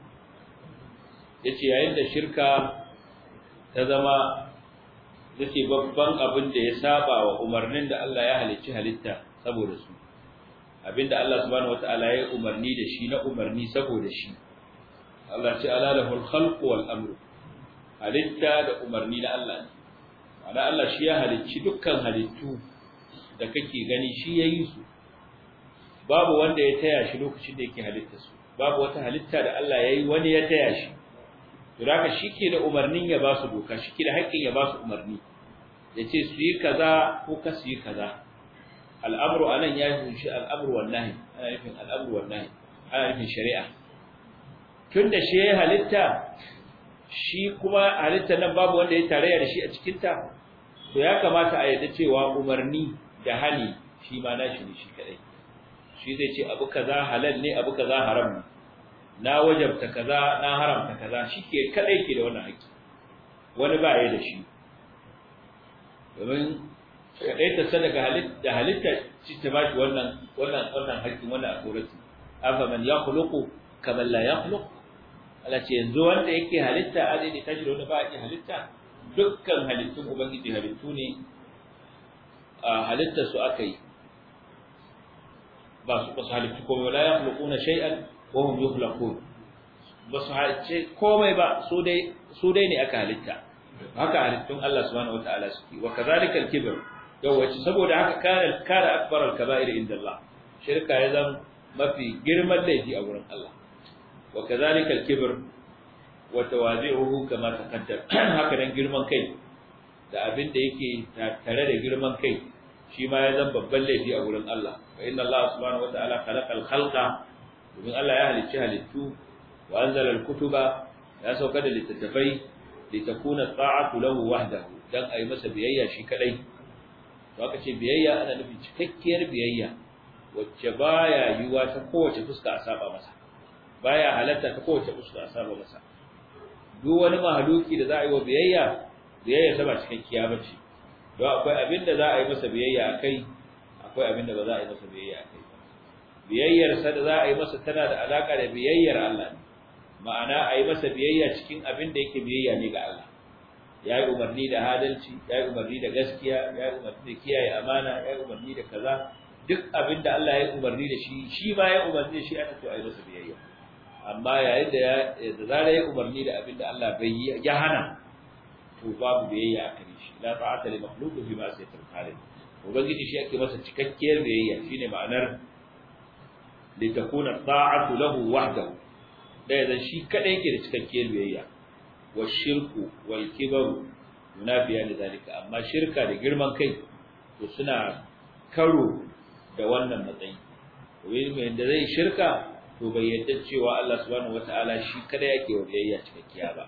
يتي عند الشركة تزما يتي babban abin da ya saba wa umarnin da Allah ya halicci halitta saboda su abinda Allah subhanahu wataala ya umarni da shi na umarni saboda shi Allah ce ala lahul khalqu wal amru halitta da umarni na Allah ne ana Allah shi ya halicci dukkan halittu da kake gani shi ya yi su babu wanda ya taya shi lokacin da yake halitta su babu wata halitta da Allah ya yi wani ya taya shi to haka shi ke da umarnin ya ba su doka shi ke da haƙƙin ya ba su umarni ya ce su yi kaza ko ka su yi kaza al'amru nan ya yi kunshi al'amru wallahi ana nufin al'amru wallahi ana nufin shari'a Tun da shi ya halitta shi kuma halitta nan babu wanda ya tarayya da shi a cikin ta to ya kamata a yadda cewa umarni da hali shi ma na shi ne shi kadai shi zai ce abu kaza halal ne abu kaza haram ne na wajabta kaza na haramta kaza shi ke kadai ke da wannan haƙƙi wani ba ya da shi domin kadaitar sa daga halitta halitta ci ta bashi wannan wannan wannan haƙƙin wannan akurati afa man yakhluqu kama la yakhluq ala ce yanzu wanda yake halitta a zai tashi da wanda ba yake halitta dukkan halittun ubangiji halittu ne a halittar su aka yi ba su ba su halittu komai la na shay'an ko hum yukhlaqun ba su halice komai ba su dai su dai ne aka halitta haka halittun Allah subhanahu wataala suke wa kadhalika al-kibr yawaci saboda haka kana kare akbar al-kaba'ir inda Allah shirka ya zan mafi girman laifi a wurin Allah wa kadhalika al-kibr wa tawazi'uhu kama taqaddam haka nan girman kai da abin da yake tare da girman kai shi ma ya zan babban laifi a wurin Allah fa inna Allah subhanahu wa ta'ala khalaqa al-khalqa domin Allah ya halicci halittu wa anzala al-kutuba ya sauka da littattafai litakuna ta'atu lahu wahdahu dan ayi masa biyayya shi kadai to ce biyayya ana nufin cikakkiyar biyayya wacce baya yiwa ta kowace fuska a saba masa baya halatta ta kowace fuska a saba masa duk wani mahaluki da za a yi wa biyayya biyayya ta ba cikakkiya ba ce don akwai abin da za a yi masa biyayya a kai akwai abin da ba za a yi masa biyayya a kai biyayyar sa da za a yi masa tana da alaka da biyayyar Allah ma'ana a yi masa biyayya cikin abin da yake biyayya ne ga Allah ya yi umarni da hadalci ya yi umarni da gaskiya ya yi umarni da kiyaye amana ya yi umarni da kaza duk abin da Allah ya yi umarni da shi shi ma ya yi umarni da shi aka to a yi masa biyayya amma yayin da ya da zarar ya umarni da abin da Allah bai ya hana to babu biyayya a kare shi la ta'ata li makhluqin fi ma'siyatil khaliq ubangiji shi ake masa cikakkiyar biyayya shine ma'anar li takuna ta'atu lahu wahdahu da yanzu shi kadai yake da cikakkiyar biyayya wa shirku wal kibaru munafiya da zalika amma shirka da girman kai to suna karo da wannan matsayi wani mai da zai shirka to bai yadda cewa Allah subhanahu wataala shi cikakkiya ba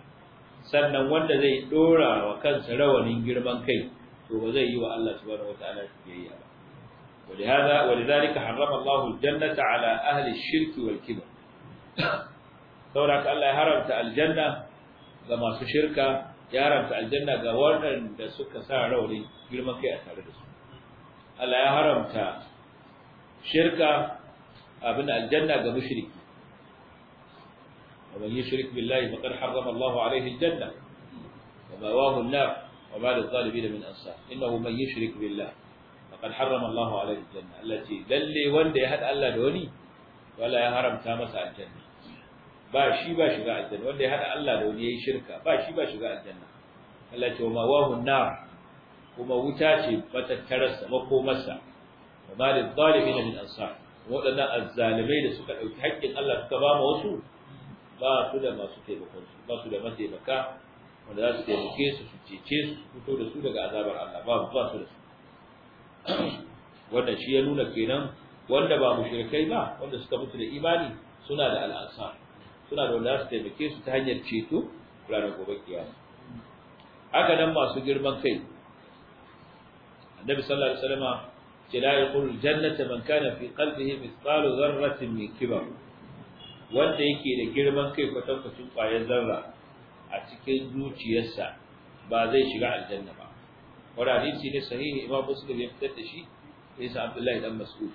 sannan wanda zai dora wa kansa rawanin girman kai to ba zai yi wa Allah ولهذا ولذلك حرم الله الجنة على أهل الشرك والكبر saboda Allah ya haramta aljanna ga masu shirka ya haramta aljanna ga waɗanda suka sa rauni girman kai a tare da su Allah ya haramta shirka abin aljanna ga mushriki ومن يشرك بالله فقد حرم الله عليه الجنة ومأواه النار وما للظالمين من أنصار إنه من يشرك بالله فقد حرم الله عليه الجنة التي للي وندي هد ألا دوني ولا يهرم تامس الجنة ba shi ba shiga aljanna wanda ya hada Allah da wani yayi shirka ba shi ba shiga aljanna Allah ce ma wa nar kuma wuta ce matattararsa makomarsa wa ma lil zalimin min ansar wadannan azzalimai da suka dauki haƙƙin Allah suka ba ma wasu ba su da masu taimakon su ba su da mataimaka wanda za su taimake su su cece su fito da su daga azabar Allah ba ba su da su wannan shi ya nuna kenan wanda ba mushrikai ba wanda suka mutu da imani suna da al'ansar suna da wanda su taimake su ta hanyar ceto ranar gobe kiyama haka nan masu girman kai annabi sallallahu alaihi wasallama ce la yaqulu jannata man kana fi qalbihi mithqalu dharratin min kibar wanda yake da girman kai kwatankwacin kwayar zarra a cikin zuciyarsa ba zai shiga aljanna ba wani hadisi ne sahihi imam muslim ya fitar da shi isa abdullahi dan mas'ud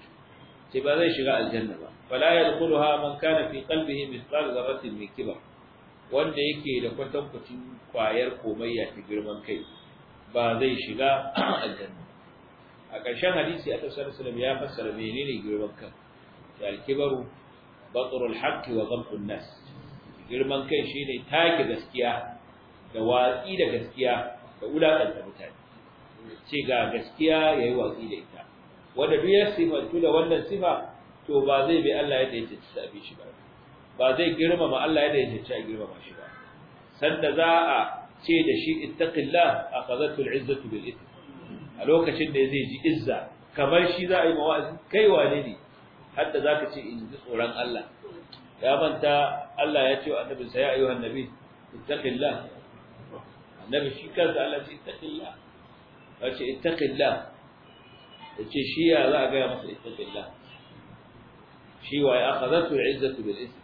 Sai ba zai shiga aljanna ba fala yadkhuluha man kana fi qalbihi mithqal dharratin min kibar wanda yake da kwatankwacin kwayar komayya ta girman kai ba zai shiga aljanna a ƙarshen hadisi a tasar sulam ya fassara menene girman kan shi alkibaru batrul haqqi wa ghamtun nas girman kai shine take gaskiya da watsi da gaskiya da wulakanta mutane ce ga gaskiya yayi watsi da ita wanda duk ya sifantu da wannan sifa to ba zai bi Allah yadda ya ce abi shi ba ba zai girmama Allah yadda ya ce a girmama shi ba sanda za a ce da shi ittaqillah akhadhatu al-izzatu bil ithm a lokacin da zai ji izza kamar shi za a yi mawazi kai wane ne hadda zaka ce in ji tsoron Allah ya manta Allah ya ce wa annabinsa ya ayyuhan nabi ittaqillah annabi shi kansa Allah ce ittaqillah wace ittaqillah yace ce shi ya za a gaya masa ita billah shi wa ya akhadhatu izzatu bil ism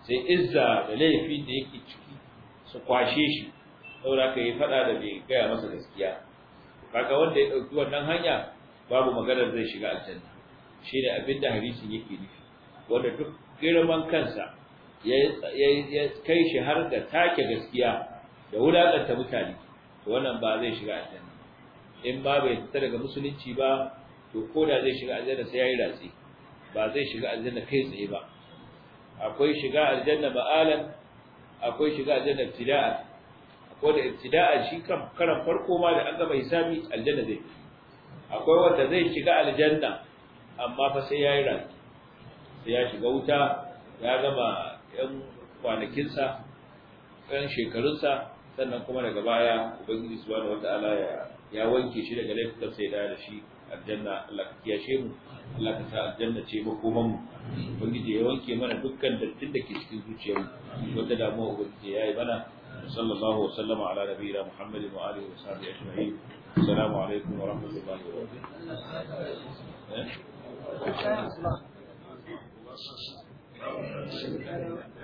sai izza da laifin da yake ciki su kwashe shi saboda ka yi fada da bai gaya masa gaskiya kaga wanda ya ɗauki wannan hanya babu maganar zai shiga aljanna shi ne abinda hadisin yake nufi wanda duk girman kansa ya kai shi har da take gaskiya da wulakanta mutane to wannan ba zai shiga aljanna in ba bai fita daga musulunci ba to ko da zai shiga aljanna sai yayi ratsi ba zai shiga aljanna kai tsaye ba akwai shiga aljanna ma'alan akwai shiga aljanna ibtida'a akwai da ibtida'a shi kan karan farko ma da an gama hisabi aljanna zai akwai wanda zai shiga aljanna amma fa sai yayi ratsi sai ya shiga wuta ya gama yan kwanakinsa yan shekarunsa sannan kuma daga baya ubangiji subhanahu wataala ya ya wanke shi daga laifukan sai da shi aljanna Allah ka kiyashe mu Allah ka sa aljanna ce makoman mu ubangiji ya wanke mana dukkan dattin da ke cikin zuciyar mu wanda damuwa ubangiji ya yi mana sallallahu alaihi sallama ala nabiyina muhammadin wa alihi wa sahbihi ajma'in assalamu alaikum wa rahmatullahi wa barakatuh eh?